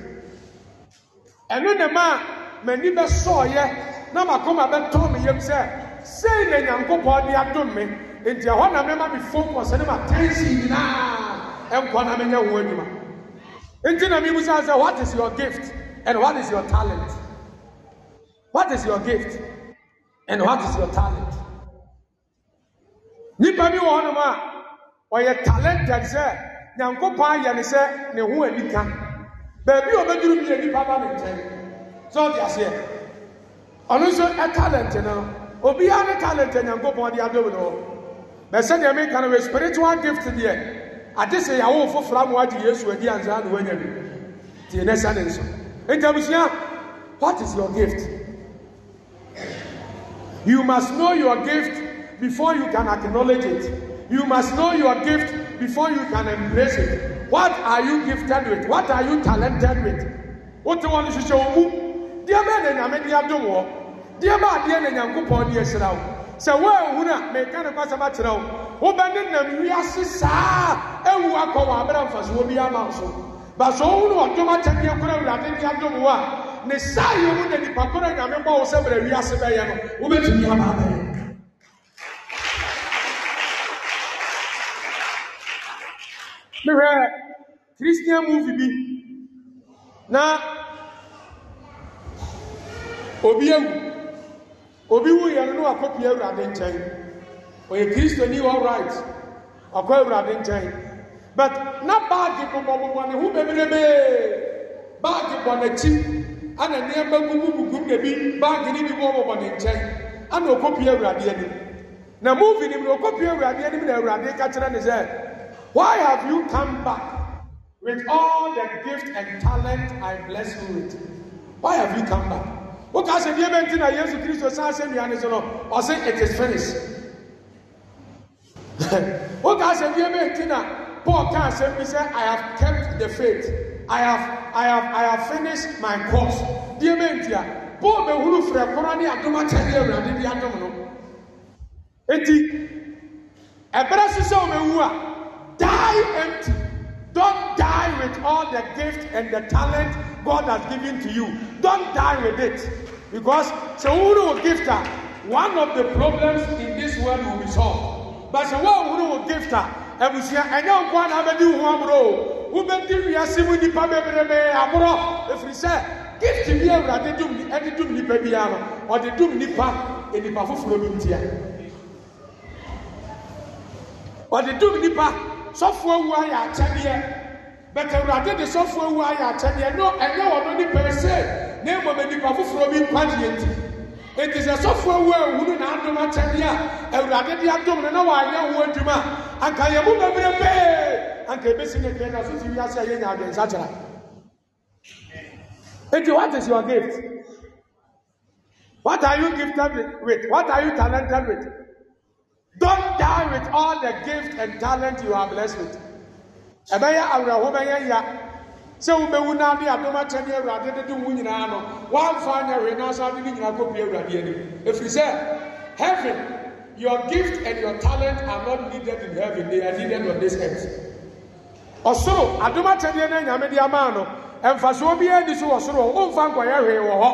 ne m'ani bɛsɔɔyɛ na m'akoma bɛtɔn me yam sɛ sei na nyankopɔn de adom me nti ɛhɔ na mɛma me focus ne ma tension nyinaa ɛnkɔ na menyɛ wɔn adwuma nti na mebisa sɛ what is your gift and what is your talent what is your gift and what is your talent nipa bi wɔ hɔnom a ɔyɛ talented sɛ nyankopɔn ayɛ ne sɛ ne ho ani ka baabi a ɔbɛduru bi yɛ nipa ba ne nkyɛn sɛ ɔde aseɛ ɔno nso ɛtalent no obiara ne talent nyankopɔn de adom no hɔ bɛsɛ deɛ meka no wɔ spiritual gift deɛ ade sɛ yɛawo foforɔ ama wagye yesu adi ansa na woanya bi nti ɛnɛ sɛ ne nso nti what is your gift you must know your gift before you can acknowledge it you must know your gift before you can embrace it what are you gifted with what are you talented with wote wɔ no hyehyɛ wɔ mu deɛ bɛɛ na nyame de adom wɔ deɛ baa deɛ na nyankopɔn de ahyira wo sɛ woanhunu a meka ne kwasɛm akyerɛ wo wobɛne nam wiase saa awu akɔ wɔ aberɛ mfasoɔ bi ama wo so ba sɛ wohunu ɔdom akyɛdeɛ kora awurade de adom wo a ne saa yɛ mu na nnipa koro nyame bɔ wo sɛ brɛ wiase bɛyɛ no wobɛtumi ama abɛyɛ mehwɛ christian movie bi na obi awu obi wu yɛn no akɔpie awurade nkyɛn ɔyɛ kristoni all right ɔkɔ awurade nkyɛn but na baagi bɔbɔbɔbɔ ne ho bebrebee baagi bɔ n'akyi ɛna nneɛma gugu gugu nebi, bi baagi ne bi bɔbɔbɔ ne nkyɛn ɛna ɔkɔpie awurade anim na movie nim na ɔkɔpie awurade anim na awurade ka kyerɛ ne sɛ why have you come back? with all the gift and talent I bless you with. Why have you come back? woka sɛ deɛ bɛnti na yesu kristo san sɛ nnua ne so no ɔse it is finished woka sɛ deɛ bɛnti na paul ka asɛm bi sɛ i have kept the faith i have i have i have finished my course deɛ bɛnti a paul bɛhuru frɛ kora ne adom akyɛdeɛ awurade bi adom no enti ɛberɛ so sɛ wobɛwu a die empty die with all the gift and the talent God has given to you. Don't die with it. Because Sewuru Gifter, one of the problems in this world will be solved. But Sewuru Gifter, Ebusia, and now one Abedi Wamro, who beti wiase mu nipa bebrebe aboro efiri sɛ gift bi awurade dum ni ɛde dum nipa bi ano ɔde dum nipa enipa foforɔ bi ntia ɔde dum nipa sɔfoɔ wu ayɛ akyɛdeɛ but awurade de sɔfo ewu ayɛ akyɛdeɛ no ɛnyɛ wɔn no nipa ese na mmom nipa foforɔ bi nkwa deɛ nti eti sɛ sɔfo ewu ehunu na adum akyɛdeɛ a awurade de adum no na wɔanyɛ wɔn adwuma anka yɛ mu bebree pee anka ebesi ne kɛn na so ti wiase a yɛnya adi nsa kyerɛ eti what is your gift what are you gifted with what are you talented with don die with all the gift and talent you are blessed with ɛbɛyɛ awerɛho bɛyɛ ya sɛ wobɛwu no adom akyɛne awurade dede wo nyinaa no woamfa nyɛ hwee nanso ade ne nyinaa kɔpue awurade anim ɛfiri sɛ heaven your gift and your talent are not needed in heaven they are needed on this earth ɔsoro adom akyɛdeɛ no anyame de ama no ɛmfasoɔ biara ni so wɔ soro hɔ womfa nkɔyɛ hwee wɔ hɔ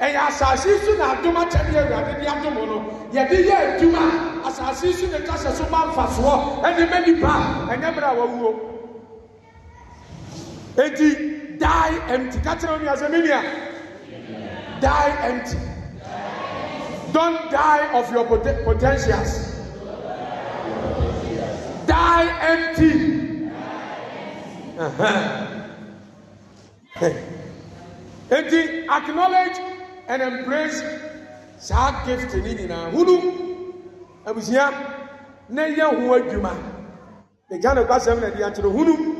ɛyɛ asase so na adom akyɛdeɛ awurade de adom no yɛde yɛ adwuma asase so ne tasɛ so ma mfasoɔ ɛne ma nipa ɛnyɛ mmerɛ a wawuo eti die empty kakyina omi ase mimia die empty don die of your pot potentials die empty uh-huh. eti acknowledge and embrace saa gift ni nyinaa hunu abusua na yɛ ho adwuma ne ghana kwasɛm na ɛde akyerɛ hunu.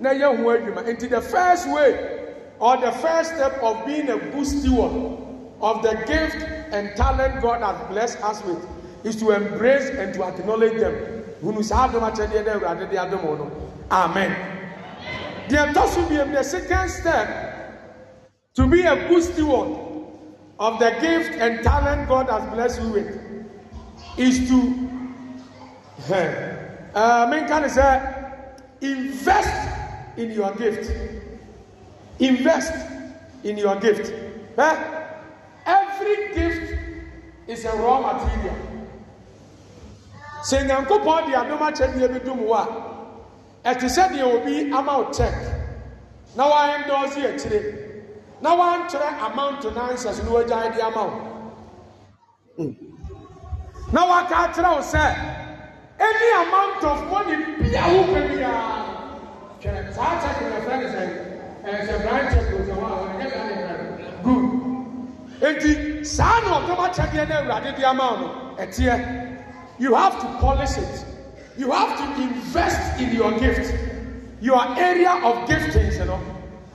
na yɛ ho adwuma nti the first way or the first step of being a good steward of the gift and talent God has blessed us with is to embrace and to acknowledge them. Hunu saa adum akyɛdeɛ na awurade de adum wɔn no amen. Deɛ ɛtɔ so biem the second step to be a good steward of the gift and talent God has blessed you with is to ɛɛ [laughs] mean, eh, menka ne say, invest in your gift. Invest in your gift. Eh? Every gift is a raw material. Sɛ nyankopɔn de adom akyɛdeɛ bi dum wo a, ɛte sɛ deɛ obi ama wo check na wɔayɛndɔɔse akyire na wɔantwerɛ amount no ansɛs no wɔagyae de ama wo. Hmm. Na wɔaka akyerɛ wo sɛ, any amount of money bia wo pɛ biara kyerɛ saa kyɛkye na fɛn sɛ ɛsɛ brand kyɛkye o sɛ wɔn a wɔn nyɛ brand kyɛkye good eti saa na ɔdɔm akyɛdeɛ na awurade de ama no ɛteɛ you have to polish it you have to invest in your gift your area of giftings you know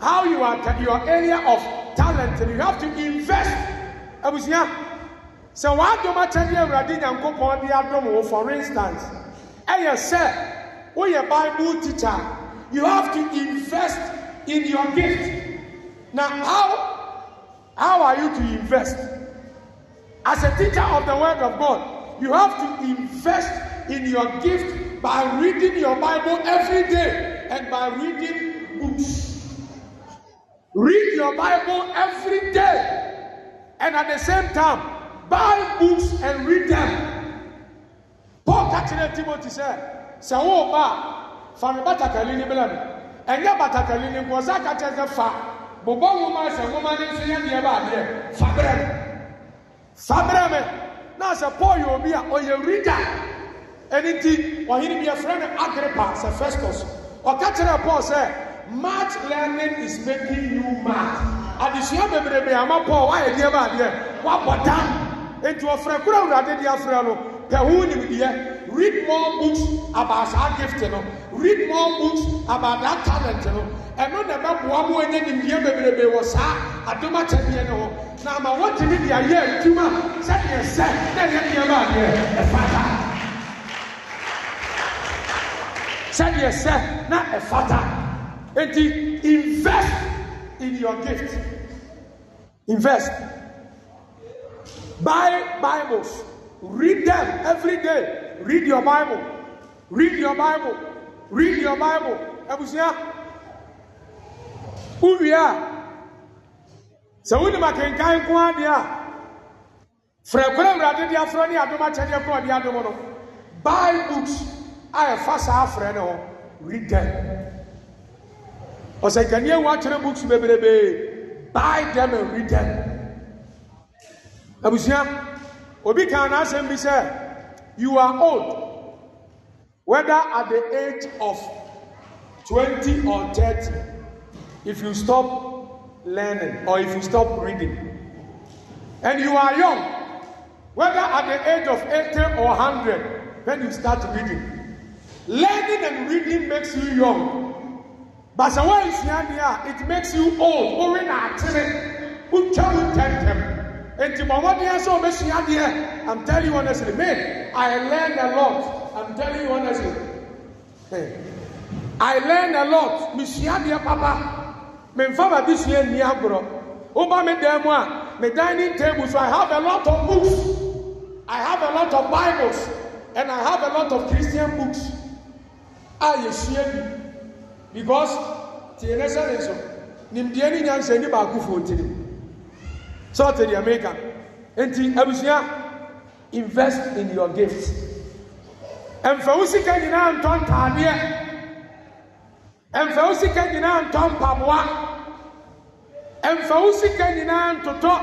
how you are your area of talent you have to invest abusua sɛ wɔn adɔm akyɛdeɛ awurade nyankopɔn de adɔm wo for instance ɛyɛ sɛ woyɛ bible teacher. You have to invest in your gift. Now, how, how are you to invest? As a teacher of the Word of God, you have to invest in your gift by reading your Bible every day and by reading books. Read your Bible every day and at the same time, buy books and read them. Paul catching Timothy said, fa me batakari ne bela ɛnyɛ batakari ne nkoɔ sɛ sɛ fa bobɔ nwoma sɛ nwoma ne nso yɛ deɛ baadeɛ fa berɛ fa berɛ me paul yɛ obi a ɔyɛ rida ɛne nti ɔhene bi yɛfrɛ no agripa sɛ festus ɔka paul sɛ math learning is making you mad adesua bebrebe ama paul wayɛ deɛ baadeɛ wabɔ dam enti ɔfrɛ koro awurade deɛ afrɛ no pɛ ho read more books about our gift no read more books about that talent you no ɛno na ɛbɛboa mo ɛnyɛ nimdeɛ bebrebe wɔ saa adom akyɛdeɛ no hɔ na ama wɔtumi de ayɛ adwuma sɛdeɛ sɛ na ɛyɛ nneɛma adeɛ ɛfata sɛdeɛ sɛ na ɛfata eti invest in your gift invest buy bibles read them every day read your bible read your bible read your bible abusua wowie a sɛ wonim akenkan nko adeɛ a frɛ kora awurade de afrɛ ne adom akyɛdeɛ kora ɔde adom no buy books a ɛfa saa frɛ ne hɔ read them ɔsɛ nkaneɛ wu akyerɛ books bebrebee buy them and read them abusua obi kaa n'asɛm bi sɛ you are old whether at the age of 20 or 30, if you stop learning or if you stop reading, and you are young, whether at the age of 80 or 100, when you start reading, learning and reading makes you young. But the way it's it makes you old. Urin atene, utwa utentem. Enti mo wadi ase o mesu adeɛ. I'm telling you honestly, me, I learned a lot. I'm telling you honestly. Hey. I learned a lot. Mesu adeɛ papa. Me nfa ba bi sua e ni agorɔ. Oba me dan mu a, me dining table so I have a lot of books. I have a lot of Bibles and I have a lot of Christian books. I yesua bi e because tiɛ e ne sɛ ne so nimdeɛ ne nyansa ni baako fo tiri so ɔte deɛ meka nti abusua invest in your gift mfa wo sika nyinaa ntɔ ntaadeɛ mfa wo sika nyinaa ntɔ mpaboa mfa wo sika nyinaa ntotɔ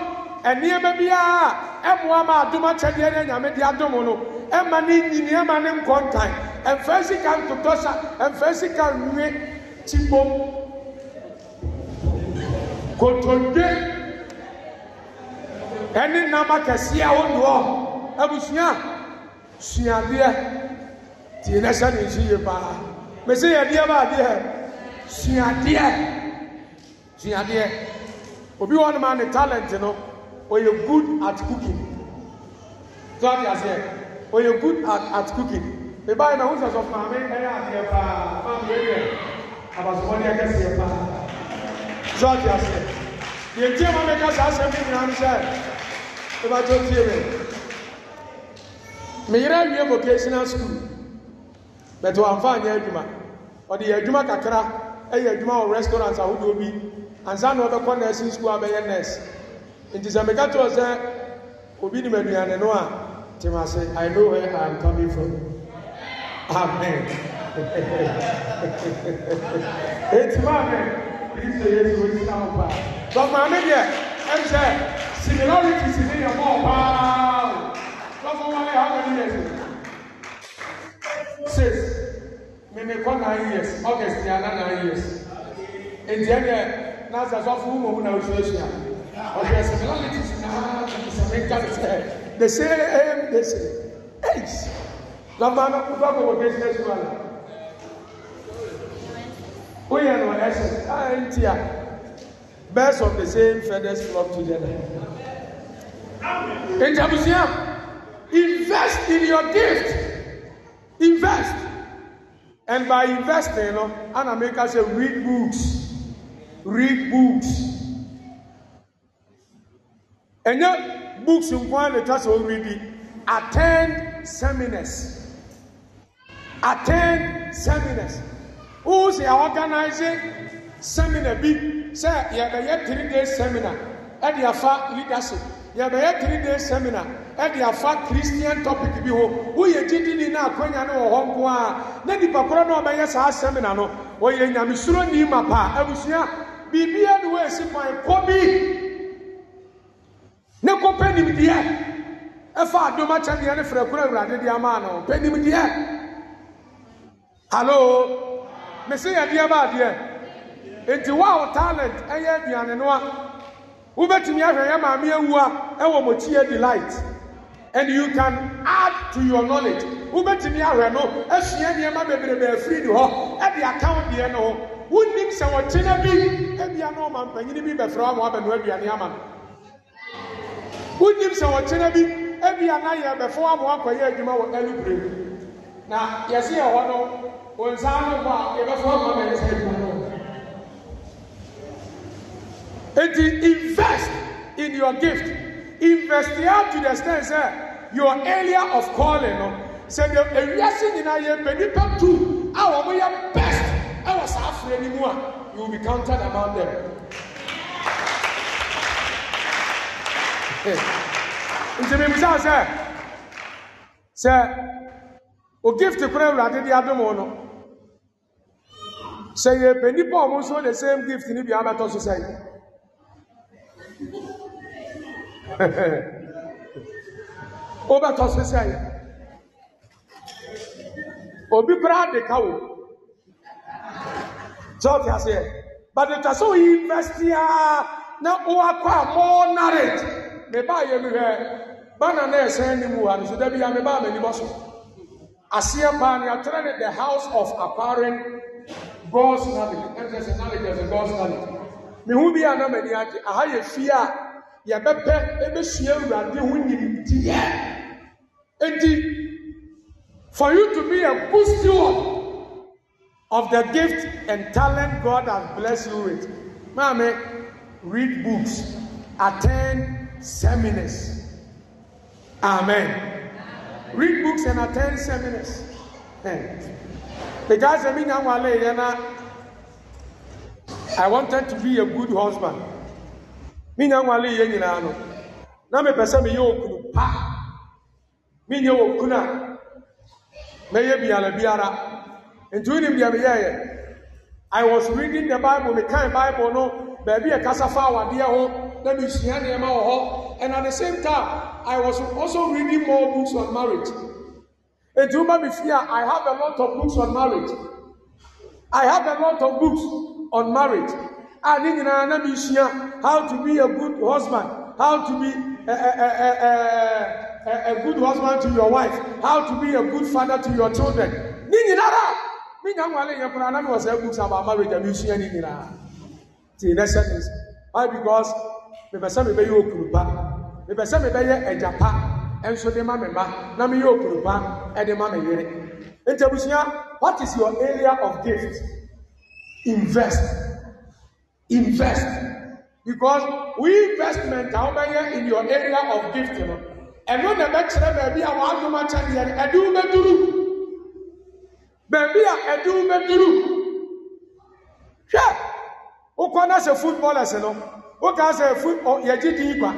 nneɛma biara ɛmoa ma adom akyɛdeɛ ne nyame de adom no ɛma ne nyini ɛma ne nkɔntan mfa sika ntotɔ sa mfa sika nwe tibom kotodwe ɛne nam akɛseɛ a wonoɔ abusua suadeɛ tie na ɛhyɛ ne nso yie paa mɛsɛ yɛdeɛ baadeɛ suadeɛ suadeɛ obi wɔ nom a ne talent no ɔyɛ good at cooking so ate aseɛ ɔyɛ good at at cooking mebae na wosɛ sɔ maame ɛyɛ adeɛ paa maame ɛyɛ abasomɔdeɛ kɛseɛ paa so ate aseɛ deɛ ntiɛ ma mɛka saa asɛm no nyinaa no sɛ ɛbɛtɔ fie mɛ meyere awie vocational school bɛtɛ wamfa anyɛ adwuma ɔde yɛ adwuma kakra ɛyɛ adwuma wɔ restaurant ahodoɔ bi ansa na ɔbɛkɔ nursing school abɛyɛ nurse nti sɛ meka sɛ obi nim aduane no a ah. tem ase i know where i am coming from amen ɛtima amɛ kristo yesu deɛ ɛm similarities ni yẹn mọ paa lọfọ how many years six mímí kọ nine years august ní aná nine years èdè ẹgbẹ náà sàzọ fún wọn òun Okay, oṣù oṣù yà ọjọ similarities náà sàmì kàtẹ the same aim the same age lọfọ àwọn akókò àgbègbè business man wọ́n yẹn no ẹ̀sìn ẹ̀ ń tí a of the same feathers flock together. Enti abusua, invest in your gift. Invest. And by investing, you know, Anna Maker say read books. Read books. And then books in one letter already. Attend seminars. Attend seminars. Who's organizing seminar? say, sir, yeah, yeah, three day seminar ɛde afa leadership yɛbɛyɛ three day seminar ɛde afa christian topic bi ho woyɛ gyidini na akwanya no wɔ hɔ nko a na nipa korɔ na ɔbɛyɛ saa seminar no ɔyɛ nyamesuro niima paa abusua biribia ne wɔasi kwan kɔ bi ne kɔpɛ nimdeɛ ɛfa adom akyɛdeɛ ne frɛkoro awurade de ama no pɛ nimdeɛ hallo me se yɛdeɛ baadeɛ enti wo a wo talent ɛyɛ aduane no a wobɛtumi ahwɛ yɛ maame awu a ɛwɔ mɔtie delight and you can add to your knowledge wobɛtumi ahwɛ no asua nneɛma bebrebe afiri ne hɔ ɛde account deɛ no. ho wonnim sɛ wɔkyena bi ebia na ɔma mpanyini bi bɛfrɛ wa ma wabɛnoa aduane ama no wonnim sɛ wɔkyena bi ebia na yɛ bɛfo wa ma wakɔyɛ adwuma wɔ ɛlu bere na yɛsi yɛ hɔ no wɔn nsa ano hɔ a yɛbɛfo wa ma bɛyɛ sɛ adwuma no eti invest in your gift invest investia to the extent Say your area of calling no sɛ deɛ ewiase nyinaa yɛ mpɛ nipa tu a wɔn yɛ best ɛwɔ saa afre ni mu a you will be counted among them. nti mibisa sɛ sɛ o gift kura awurade de adum wɔn no sɛ yɛ mpɛ nipa a wɔn nso the same gift ni bi abɛtɔ so sɛ wobɛtɔ so sɛe obi koraa de ka wo sɛ wote aseɛ but ɛtwa sɛ woyi investi a na woakɔ a more narrate mebaa yɛ mehwɛ bana na ɛsɛn ne mu ha no so da bia mebaa m'ani bɔ so aseɛ paa ne atrɛ ne the house of apparent god's knowledge ɛnkyɛ sɛ knowledge of the god's knowledge mehu bi a na m'ani agye aha yɛ fie yɛbɛpɛ ebesua awurade ho nyimdeɛ eti for you to be a good steward of the gift and talent God has blessed you with maame read books attend seminars amen, read books and attend seminars because emi na nwale yɛ na I wanted to be a good husband me nya nwale yɛ nyinaa no na mepɛ sɛ meyɛ okunu paa menyɛ okunu a mɛyɛ biara biara nti wonim deɛ meyɛeɛ i was reading the bible mekan bible no baabi a kasa fa awadeɛ ho na mesua nneɛma wɔ hɔ and at the same time i was also reading more books on marriage nti woba me fie i have a lot of books on marriage i have a lot of books on marriage a ne nyinaa na mehyia how to be a good husband how to be a, a, a, a, a good husband to your wife how to be a good father to your children ne nyinara menya nwale yɛ koraa na mewɔ saa books about marriage a mesua ne nyinaa nti ne sɛ ne why because mepɛ sɛ mebɛyɛ okuru pa mepɛ sɛ mebɛyɛ agya pa nso de ma me ma na meyɛ okuru pa e de ma me yere nti abusua what is your area of gift invest invest because we investment a wɔbɛyɛ in your area of gift no ɛno na ɛbɛkyerɛ baabi a wɔadom akyɛdeɛ no ɛde wo bɛduru baabi a ɛde wo bɛduru hwɛ wokɔ na sɛ footballers no wokaa sɛ foot yɛgye din kwa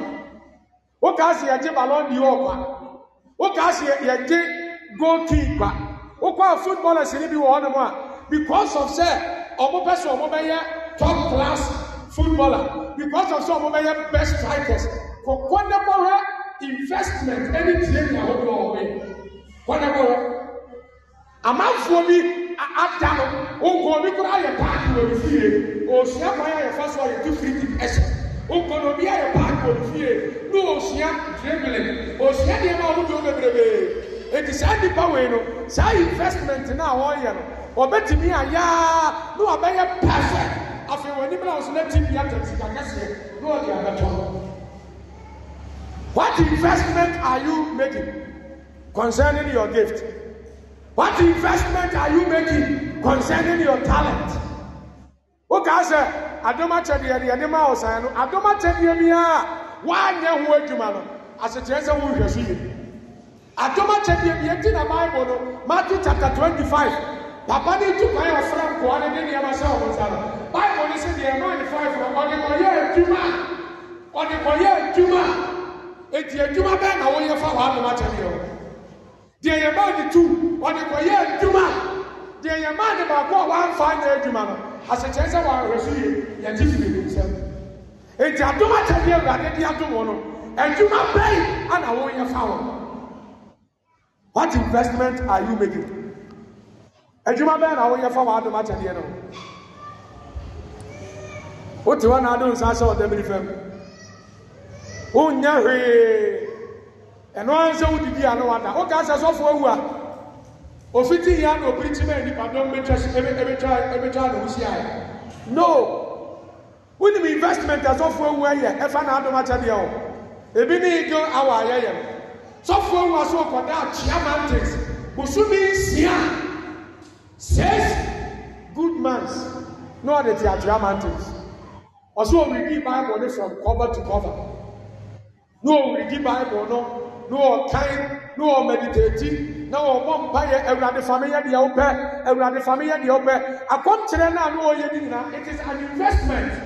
wokaa sɛ yɛgye ballon d'or kwa wokaa sɛ yɛgye goal king kwa wokɔ a footballers no bi wɔ hɔ nom a because of sɛ ɔmo pɛ sɛ ɔmo bɛyɛ top class footballer because of some of my best strikers for whatever investment any team na ho bɔ ɔbɛ whatever amanfoɔ bi ada no nkɔɔ bi kora ayɛ paaki wɔ ne fie osua kwan ayɛ fa so ayɛ tu free kick ɛhyɛ nkɔɔ na obi ayɛ paaki wɔ ne fie na osua dribbling osua nneɛma ahodoɔ bebrebee eti saa nipa wei no e saa investment na a wɔreyɛ no ɔbɛtumi ayɛ a na ɔbɛyɛ perfect afei w'anim na ɔso na bi atɛ sika kɛseɛ na ɔde abɛtɔ what investment are you making concerning your gift what investment are you making concerning your talent wokaa sɛ adom akyɛdeɛ deɛ de ma ɔsan no adom akyɛdeɛ biara woanyɛ ho adwuma no asekyerɛ sɛ wohwɛ so yie adom akyɛdeɛ bi enti na bible no matthew chapter 25 papa ne tu kwan ɔfrɛ nkoa no de nneɛma sɛ ɔmo nsa no báyìí ní sẹ deɛ man fa efura ɔde kɔ yɛ adwuma ɔde kɔ yɛ adwuma eti adwuma bɛɛ na wɔyɛ fa wàá nom akyɛ deɛ deɛ yɛ man de tu ɔde kɔ yɛ adwuma deɛ yɛ man de baako a wɔamfa nyɛ adwuma no asekyerɛ sɛ wɔahwɛ so yie yɛgye fi bebree nsɛm eti adwuma kyɛ deɛ awurade de what investment are you making adwuma bɛɛ na wɔyɛ fa wàá nom akyɛ deɛ no wote hɔ e na e ade nsa sɛ ɔdamiri fam wonyɛ hwee ɛno ara sɛ wodidi a no wada woka sɛ sɔfoɔ awu a ofiti hia na obiri kyim a nipadɔm bɛtwa ne ho hyiaeɛ no wonim investment a sɔfoɔ awu ayɛ ɛfa na adom akyɛdeɛ o ebi ne go awa ayɛyɛ no sɔfoɔ awu a so ɔkɔda akyea mountains bosome nsia six good months na ɔde te akyea mountains ɔsɛ ɔredi bible no from cover to cover na ɔredi bible no na ɔkan na ɔmeditati na ɔbɔ mpaeɛ awurade fame yɛ deɛ wopɛ awurade fame yɛ deɛ wopɛ akɔnkyerɛ no a na ɔyɛ no nyinaa it is an investment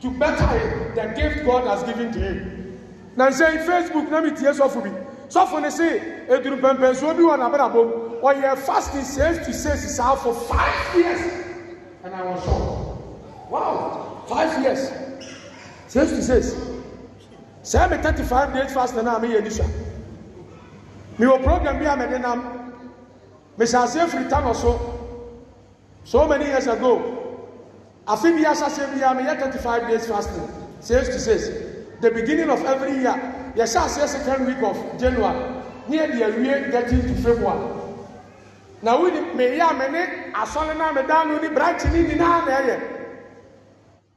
to better the gift god has given to him na nsɛ facebook na metie sɔfo bi sɔfo ne se eduru pɛmpɛnsoɔ bi wɔ n'abrabɔ ɔyɛ fasting six to six saa for five years and i was shocked wow five years six to six sẹ́yìn mi thirty five days fast náà mi yẹ ẹni sọ mi wọ program bi a mi di nam mi sàn se firi tano so so many years ago afi bi asase bi a mi yẹ thirty five days fasting six to six the beginning of every year yẹ sẹ ase second week of January ní ẹni ẹwie thirteen to February na wúni mi yẹ a mi ní asọ́lẹ̀ náà mi dánu ní branch ní nyinaa náà yẹ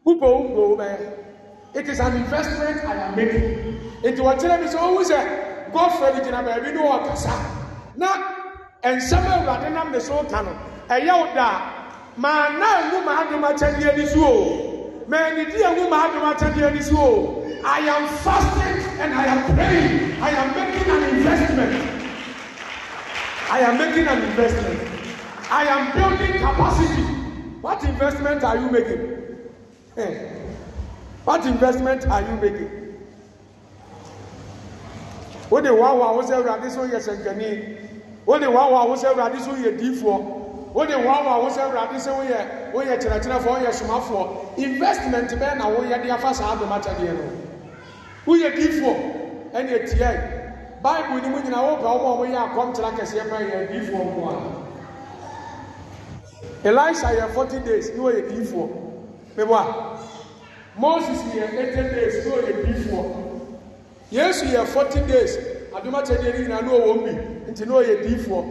wopɛ wo nkuro it is an investment i am making nti wɔkyerɛ mi sɛ wohu sɛ godfrɛ no gyina baabi ne wɔkasa na nsɛm a awurade nam ne so ka no ɛyɛ wo daa maa na ngu maa dom akyɛdeɛ ni so o maa nidi ngu maa dom akyɛdeɛ ni so o i am fasting and i am praying i am making an investment i am making an investment i am building capacity what investment are you making. Eh, what investment are you making? wode wɔn a wɔn sɛ awurade so yɛ sɛnkani wode wɔn a wɔn sɛ awurade so yɛ diifoɔ wode wɔn a wɔn sɛ awurade so yɛ wɔyɛ kyerɛkyerɛfoɔ wɔyɛ somafoɔ investment bɛɛ na wɔyɛ de afa saa adoma kyɛdeɛ no wɔyɛ diifoɔ ɛna etia baibu ni mu nyinaa wɔpɛ wɔn a wɔyɛ akɔmkyerɛ kɛseɛ pɛ yɛ diifoɔ nkoa elisa yɛ forty days ni wɔyɛ diifoɔ. mebɔa moses yɛ 80 days ne ɔyɛ difoɔ yesu yɛ 40 days adomakyɛdeɛ no nyinaa ne ɔwɔ bi nti ne ɔyɛ difoɔ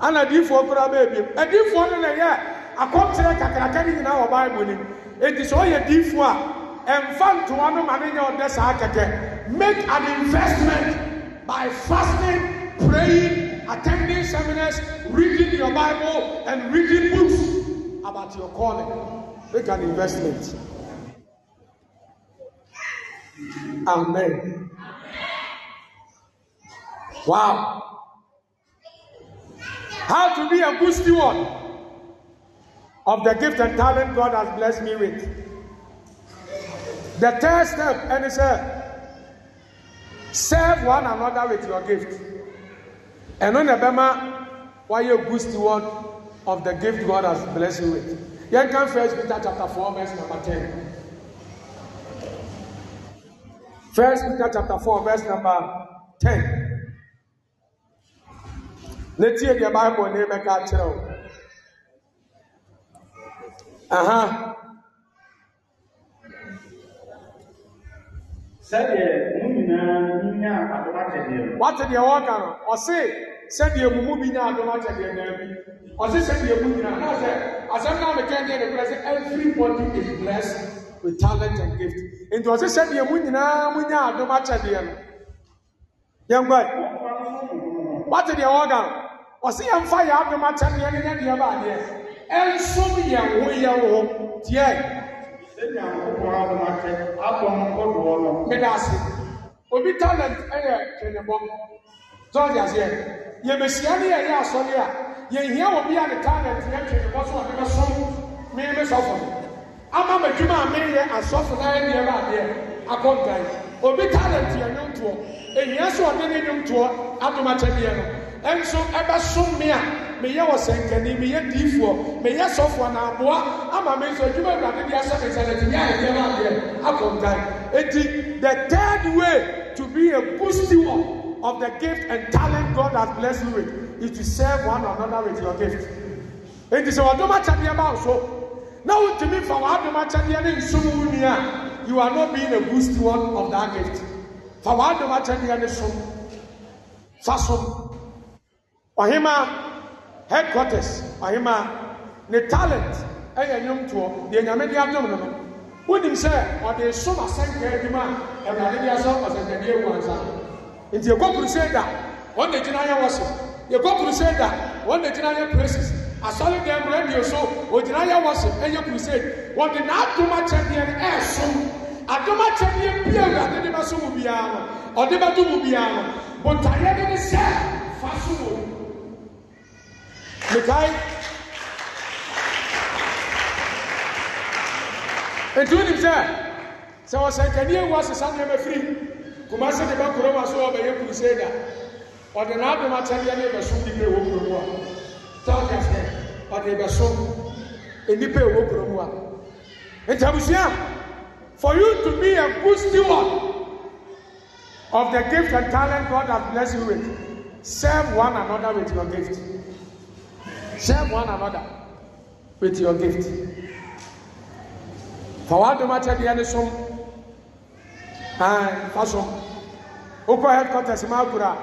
ana difoɔ koraa bɛɛbiom adifoɔ no na ɛyɛ akɔmkyerɛ kakraka no nyinaa wɔ bible ni. enti sɛ ɔyɛ difoɔ a ɛmfa ntoa no ma ne nyɛ ɔdɛ saa kɛkɛ make an investment by fasting praying attending seminars reading your bible and reading books about your calling Make an investment. Amen. Wow. How to be a good steward of the gift and talent God has blessed me with. The third step, and it's a serve one another with your gift. And on the Bema, why you a good steward of the gift God has blessed you with yẹn kan first peter chapter four verse number ten first peter chapter four verse number ten ne tie bible ne bɛka kyerɛ o aha. sɛdeɛ mu nyinaa nya adom akyɛdeɛ. wate deɛ wɔka no ɔse sɛdeɛ mu mu bi nya adom akyɛdeɛ naa bi ɔse sɛdeɛ mu nyinaa naa sɛ asɛm naa mi kɛntɛn de kura sɛ everybody is blessed with talent and gift nti ɔsi sɛ deɛ mu nyinaa mu nya adum akyɛdeɛ no yɛn gbɛ wate deɛ ɔga ɔsi yɛn fa yɛ adum akyɛdeɛ no nyɛ deɛ baadeɛ ɛnsom yɛn ho yɛn ho deɛ. sɛdeɛ akokɔ adum akyɛ abɔ nkɔdoɔ no. mi da ase obi talent ɛyɛ eh, eh, twɛnibɔ tọ́jú aseɛ yɛbɛhyia ne yɛyɛ asɔre a yɛhia wɔ bi a ne talent yɛ twene bɔ so a ne bɛsom me me sɔfo ama ma adwuma a meyɛ asɔfo na yɛ nneɛma adeɛ akɔntan obi talent yɛ nnwomtoɔ ehia so ɔde ne nnwomtoɔ adom akyɛdeɛ no nso ɛbɛsom e me a meyɛ wɔ sɛnkani meyɛ diifoɔ meyɛ sɔfoɔ naaboa ama me nso adwuma awurade de asɛ me sɛ ne te yɛ ayɛ nneɛma adeɛ akɔntan eti the third way to be a good steward of the gift and talent God has blessed you with is to serve one another with your gift. Enti sɛ wadom akyɛdeɛ ba so now to me, for akyɛdeɛ ne nsom wo ni a you are not being a good steward of that gift. For Fa wadom akyɛdeɛ ne som. Fa som. Ɔhema headquarters ɔhema the talent ɛyɛ nnwomtoɔ deɛ nyame de adom no no wonim sɛ ɔde som asɛnka adwuma a awurade de asɛ ɔsɛnkadeɛ wu ansa nti yɛkɔ crusade wɔn na gyina yɛ wɔso yɛkɔ crusade wɔn na gyina yɛ praises asɔre dan mu radio so ogyina yɛ wɔso ɛyɛ crusade wɔde n'adom akyɛdeɛ no ɛɛsom adom akyɛdeɛ bi a awurade de bɛso mu biara no ɔde bɛto mu biara no botaeɛ de ne sɛ fa so wɔ mekae nti wonim sɛ sɛ wɔsɛnkaneɛ wu asesa nneɛma firi kumase de bɛkorɔ wa so ɔbɛyɛ kuruseeda ɔde n'adom akyɛdeɛ ne ɛbɛso nnipa ɛwɔ kuro mu a tɔɔkɛfɛ ɔde ɛbɛso nnipa e ɛwɔ kuro mu a ntabusua e for you to be a good steward of the gift and talent God has blessed you with serve one another with your gift serve one another with your gift For fa w'adom akyɛdeɛ ne so. fa so headquarters ma agoro a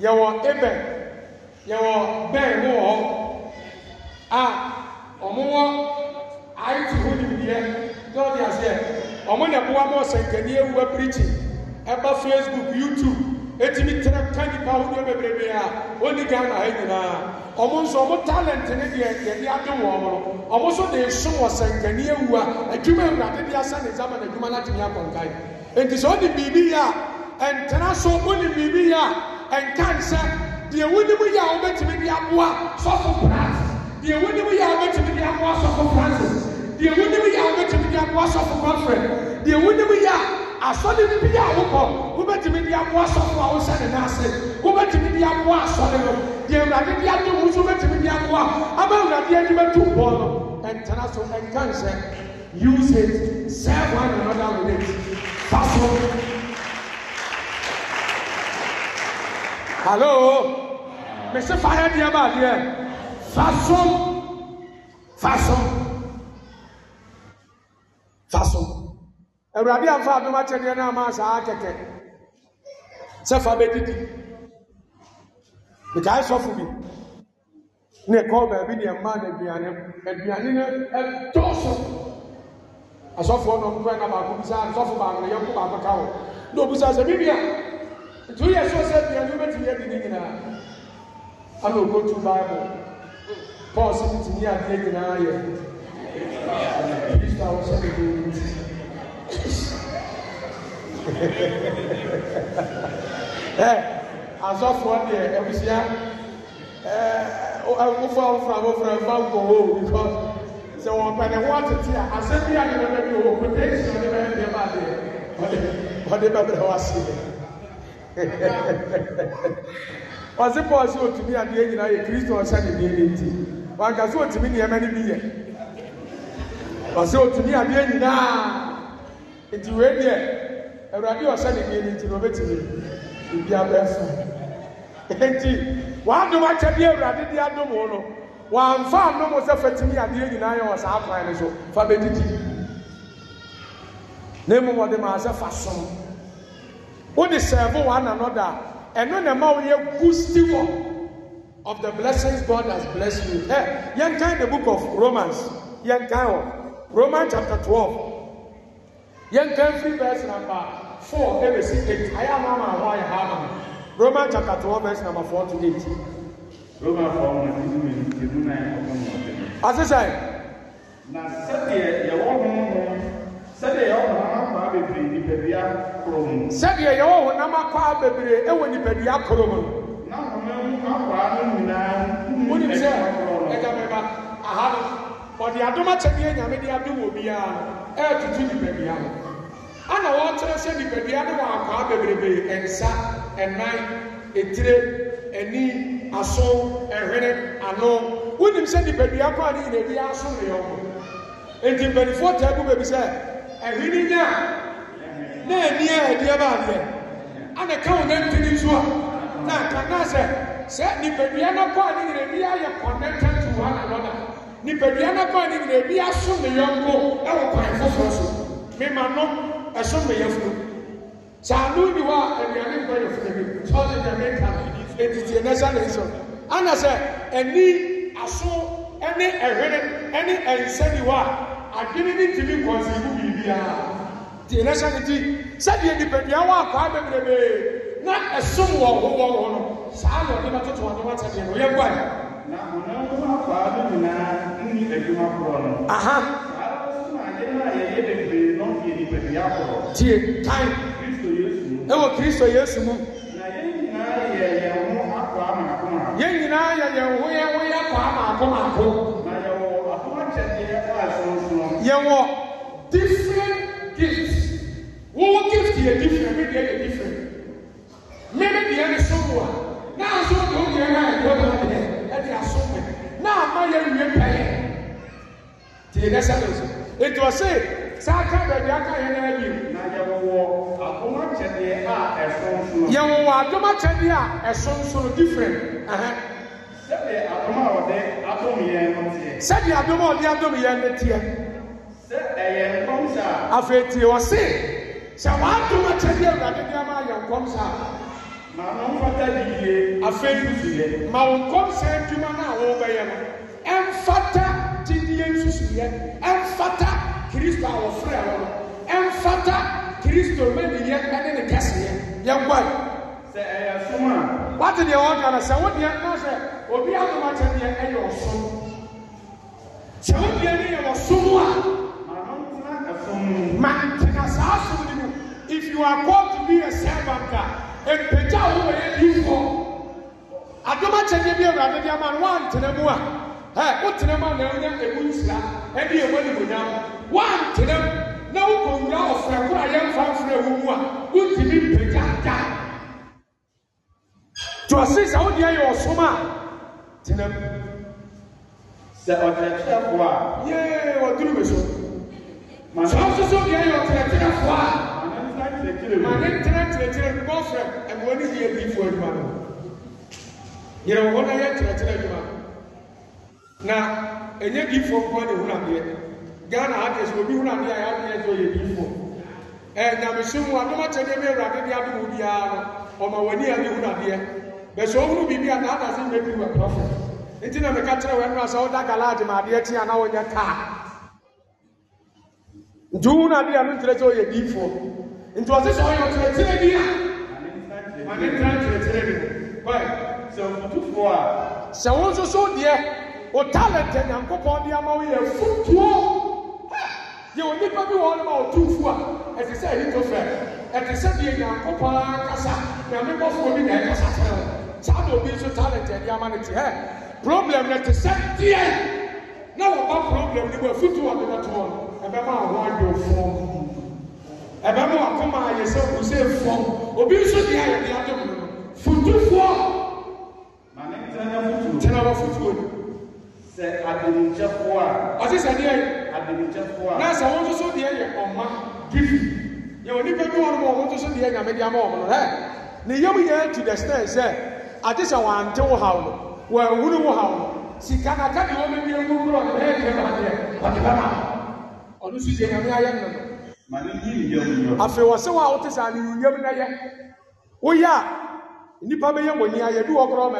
yɛwɔ ebɛn yɛwɔ bɛn mu wɔ hɔ a ɔmowɔ ayeti ho nimdeɛ dɔɔde aseɛ ɔmo ne boa ewu apirikyi ebe facebook youtube etimi tẹrẹ ka nipa ebe ya a oni ghana ha nso ọmụ talent ne deɛ nso asa na nkae. nti sɛ ɔne biribi yɛ a ɛntena so wone biribi yɛ a ɛnkan sɛ deɛ wonim yɛ a wobɛtumi de aboa sɔfo prase deɛ wonim yɛ a wobɛtumi de aboa sɔfo francis deɛ wonim yɛ a wobɛtumi de aboa sɔfo godfred deɛ wonim yɛ a asɔre bi a wokɔ wobɛtumi de aboa sɔfo a wohyɛ ne nan ase wobɛtumi de aboa asɔre no deɛ awurade de ato mu nso wobɛtumi de aboa ama awurade ani bɛtu bɔɔl no ɛntena so ɛnka nsɛ use it serve one another with it. Paso. Hallo? Mese fire di aba adeɛ. Fasom. Fasom. Fasom. Awurade afa adum akyɛdeɛ no ama saa kɛkɛ. Sɛ fa bɛdidi. Mekae sɔfo bi. Ne kɔɔ baabi ne ɛma no aduane. Aduane no ɛdɔɔso. asɔfoɔ nɔ nkura na baako bisa asɔfo baako na ko baako ka na sɛ bibia nti woyɛ sɔ sɛ bia ne wobɛtumi adi ne nyinaa ama okotu bible paul a sɛ wɔn pɛ ne ho atete a asɛm bi a ne bɛbɛ bi wɔ preparation ne bɛyɛ deɛ ba deɛ ɔde ɔde bɛbrɛ wɔ ase [laughs] ɔsi paul sɛ otumi adeɛ nyinaa yɛ kristo ɔhyɛ ne deɛ ne ti wanka sɛ otumi nneɛma ne bi yɛ ɔsi otumi adeɛ nyinaa nti wei deɛ awurade ɔhyɛ ne deɛ ne ti na ɔbɛtumi ebi abɛɛfo [laughs] nti wɔadom akyɛdeɛ awurade de adom wɔn no wɔamfa annom sɛ fatumi adeɛ nyinaa yɛ wɔ saa kwan no so fa bɛdidi na mmom wɔde maa sɛ fa som wode sɛɛbo wɔn ananɔda ɛno na ɛma wɔyɛ good steward of the blessings God has blessed you ɛ eh, yɛn kan the book of Romans yɛn kan wɔ Romans chapter twelve yɛn kan three verse number four ɛbɛsi eight ayɛ ama ama ahɔ ayɛ ha ama Romans chapter twelve verse number four to eight ase sɛ na sɛdeɛ yɛwɔ honhom sɛdeɛ yɛwɔ honhom akwaa bebree nipadua koro mu sɛdeɛ yɛwɔ honhom akwaa bebree ɛwɔ nipadua koro mu na honhom akwaa no nyinaa ni sɛ ɛgya mɛba aha no ɔde adom akyɛdeɛ nyame de adom wɔ biara ɛɛtutu nipadua no ana wɔkyerɛ sɛ nipadua no wɔ akwaa bebrebee ɛnsa ɛnan ɛtire ɛni aso ɛhwene ano wonim sɛ nipadua paa ne nyina bi aso ne ɔmo nti mpanimfoɔ taa gu baabi sɛ ɛhwene nya na ani a ɛdeɛ baadeɛ ana ka wo nantini nso a na ka na sɛ sɛ nipadua no paa ne nyina bi ayɛ connected to one another nipadua no paa ne nyina bi aso ne yɔnko ɛwɔ kwan foforɔ so mema no ɛso me yɛfunu saa no ni hɔ a aduane nkɔ yɛfunu bi sɛ ɔde nyame ka no ɛdidi ɛnɛ sɛ ne nsɛm ana sɛ ɛni aso ɛne ɛhwene ɛne ɛnsɛni hɔ a adwene ne ntumi kɔnsibu biribiara ti ɛnɛ sɛ ne ti sɛdeɛ nipadua wɔ akɔ abɛbrɛbɛɛ na ɛsom wɔ ho wɔ ho no saa na ɔde bɛtoto ɔde bɛtɛ deɛ no yɛ gbae. na ɔnam ho akɔ ano nyinaa nni adwuma korɔ no. aha. saa ɔsoma yɛyɛ bebree no yɛ nipadua korɔ. yesu mu. ɛwɔ kristo yesu mu. na yɛn nyinaa yɛ yɛn yɛn nyinaa yɛ yɛn ho yɛn ho yɛ kwaa maako maako. na yɛwɔ ahomakyɛdeɛ a sonsono. yɛwɔ different gifts wɔn gift yɛ different mi deɛ yɛ different mi mi deɛ yɛ sobo a naa so deɛ o deɛ yɛ ayɛ dɔɔni deɛ ɛde aso mɛ naa ama yɛ wie pɛyɛ ti yɛ nɛsɛ nso etu ɔse saa ka baabi aka yɛn nan bi. na yɛwɔ adom akyɛdeɛ a ɛsonsono. yɛwɔ adom akyɛdeɛ a ɛsonsono different. sɛdeɛ adom a ɔde adom yɛn no teɛ. sɛdeɛ adom a ɔde adom yɛn no teɛ. sɛ ɛyɛ nkɔm saa. afei tie ɔse sɛ w'adom akyɛdeɛ awurade bi ama yɛ nkɔm saa. ma no mfata yie. afei ma nkɔm saa adwuma no a wɔrebɛyɛ no ɛmfata gyegye nsusuiɛ ɛmfata kristo a wɔfrɛ wɔ no ɛmfata kristo mɛniyɛ ɛne ne kɛseɛ yɛbɔe sɛ ɛyɛ som a wate deɛ wɔka no sɛ wodeɛ na sɛ obi adomakyɛ deɛ ɛyɛ ɔsom sɛ wodeɛ ne yɛ ɔsom a ma ntena saa som ne mu if you are called to be a servant a mpagya wo wɔyɛ difo adomakyɛ deɛ bi awurade deɛ ama no woantena mu a ɛ wotena mu a na ɛnya ɛmu nhyira ɛne ɛmu animonyam woantena mu na wokɔnwura ɔfra koro a yɛmfa mfra ɛwo mu a wontumi mpagyaagya dɔse sɛ wodeɛ yɛ ɔsom a tena mu sɛ ɔkyerɛkyerɛfoɔ a yee wɔduru me so sɛ ɔso so deɛ yɛ ɔkyerɛkyerɛfoɔ a ma ne ntena kyerɛkyerɛ no bɔfrɛ ɛmoa ne adwuma no yerɛ wɔ na yɛ kyerɛkyerɛ adwuma no na ɛnyɛ diifoɔ nkoa ne hunu adeɛ ghana adeɛ sɛ obi hunu adeɛ a yɛadeɛ sɛ ɔyɛ diifoɔ ɛnyamesom mu adom akyɛdeɛ bi awurade de adom wo biara no ɔma w'ani a ne hunu adeɛ bɛsɛ ɔhunu biribi a naadase nyɛ bi wɔkorɔfo nti na meka kyerɛ w'anura sɛ woda galade ma adeɛ te a na wonyɛ kaa nti wo hunu adeɛ a no nkyerɛ sɛ ɔyɛ diifoɔ nti ɔse sɛ ɔyɛ ɔkyerɛkyerɛ bi a ane ntra nkyerɛkyerɛ bi sɛ wo nso so deɛ o talent ẹ nyankopɔn de ama wo yɛ futuo yɛ wɔ nipa bi wɔ hɔ ma ɔtu fu a ɛte sɛ ɛyi to fɛ ɛte sɛ deɛ nyankopɔn akasa nyame bɔfo bi na ɛkasa kyerɛ wo saa na obi nso talent ɛ de ama ne te hɛ problem na te sɛ deɛ na wɔba problem ne bɔ futuo ɔde bɛto hɔ ɛbɛma a wɔn ayɛ ofuo ɛbɛma a kɔma ayɛ sɛ ɔsɛ efuo obi nso deɛ ayɛ de adom no futufoɔ tena wɔ futuo no sɛ adenkyɛfoɔ a ɔte sɛ deɛ adenkyɛfoɔ a na sɛ wɔn nso so deɛ yɛ ɔma difi yɛwɔ nipa bi wɔn wɔn nso so deɛ nyame de ama wɔn no hɛ ne yam yɛ to the stand sɛ ate sɛ wɔante wo haw no wɔahunu wo haw no sika nata deɛ wɔn bi ɛmu wura ɔde bɛyɛ deɛ ma deɛ ɔde bɛma ɔno nso deɛ nyame ayɛ no no afei wɔ sɛ wo a wote saa ne na yɛ woyɛ a nnipa bɛyɛ wɔni ayɛ de wɔ korɔ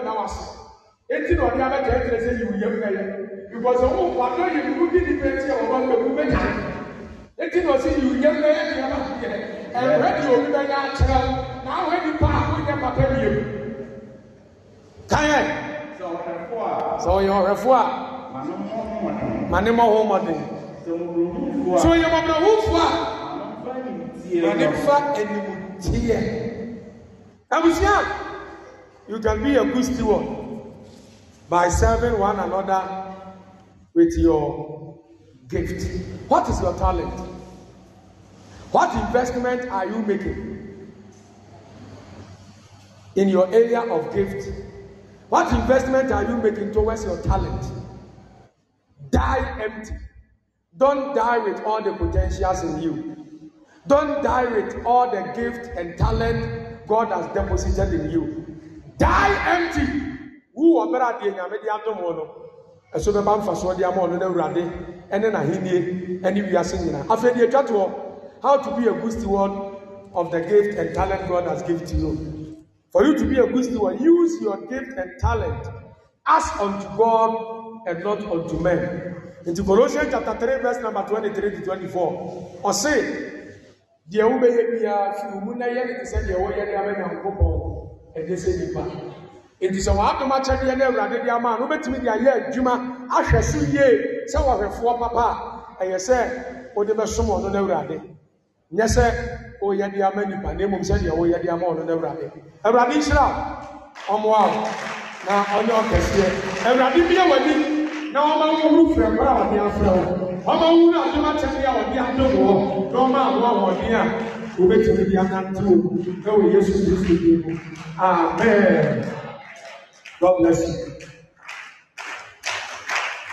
eti na ɔde abɛkyerɛkyerɛ sɛ yiwu yam na yɛ because ɔmo wadɔ yɛ numu di nipa eti a ɔmo abɛ mu bɛka eti na ɔsi yiwu yam na yɛ deɛ ɔmo yɛ ɛwɛ de omi bɛyɛ akyerɛ na ahɔ nipa e a ɔnyɛ papa bi yam kanyɛ sɛ ɔyɛ ɔhɛfo a ma ne ma ho mɔden so yɛ mɔmɔ wofo a ma ne fa animtiɛ abusua you can be a good steward by serving one another with your gift. What is your talent? What investment are you making in your area of gift? What investment are you making towards your talent? Die empty. Don't die with all the potentials in you. Don't die with all the gift and talent God has deposited in you. Die empty wu wɔ bere adeɛ nyame de ato mo no ɛso bɛba mfasoɔ de ama ɔno no awurade ɛne n'ahennie ɛne wiase nyinaa afei deɛ atwa toɔ how to be a good steward of the gift and talent God has given to you for you to be a good steward use your gift and talent as unto God and not unto men nti Colossians chapter three verse number twenty-three to twenty-four ɔse deɛ wobɛyɛ biara fi omu na yɛ ne te sɛ deɛ wɔyɛ ne abɛ nyankopɔn ɛde sɛ nipa nti sɛ wɔadom akyɛdeɛ no awurade de ama a no wobɛtumi de ayɛ adwuma ahwɛ so yie sɛ wɔhwɛfoɔ papa a ɛyɛ sɛ wode bɛsom ɔno no awurade nyɛ sɛ woyɛ de ama nnipa na mmom sɛdeɛ woyɛ de ama ɔno no awurade awurade nhyira ɔmmoa wo na ɔnyɛ ɔkɛseɛ awurade bia w'ani na ɔma wohu frɛ mmara a ɔde afrɛ wo ɔma wohu no adom akyɛdeɛ a ɔde adom wɔ na ɔma wo ahoɔden a wobɛtumi de anantew na wɔ yesu kristo din mu amen God bless you.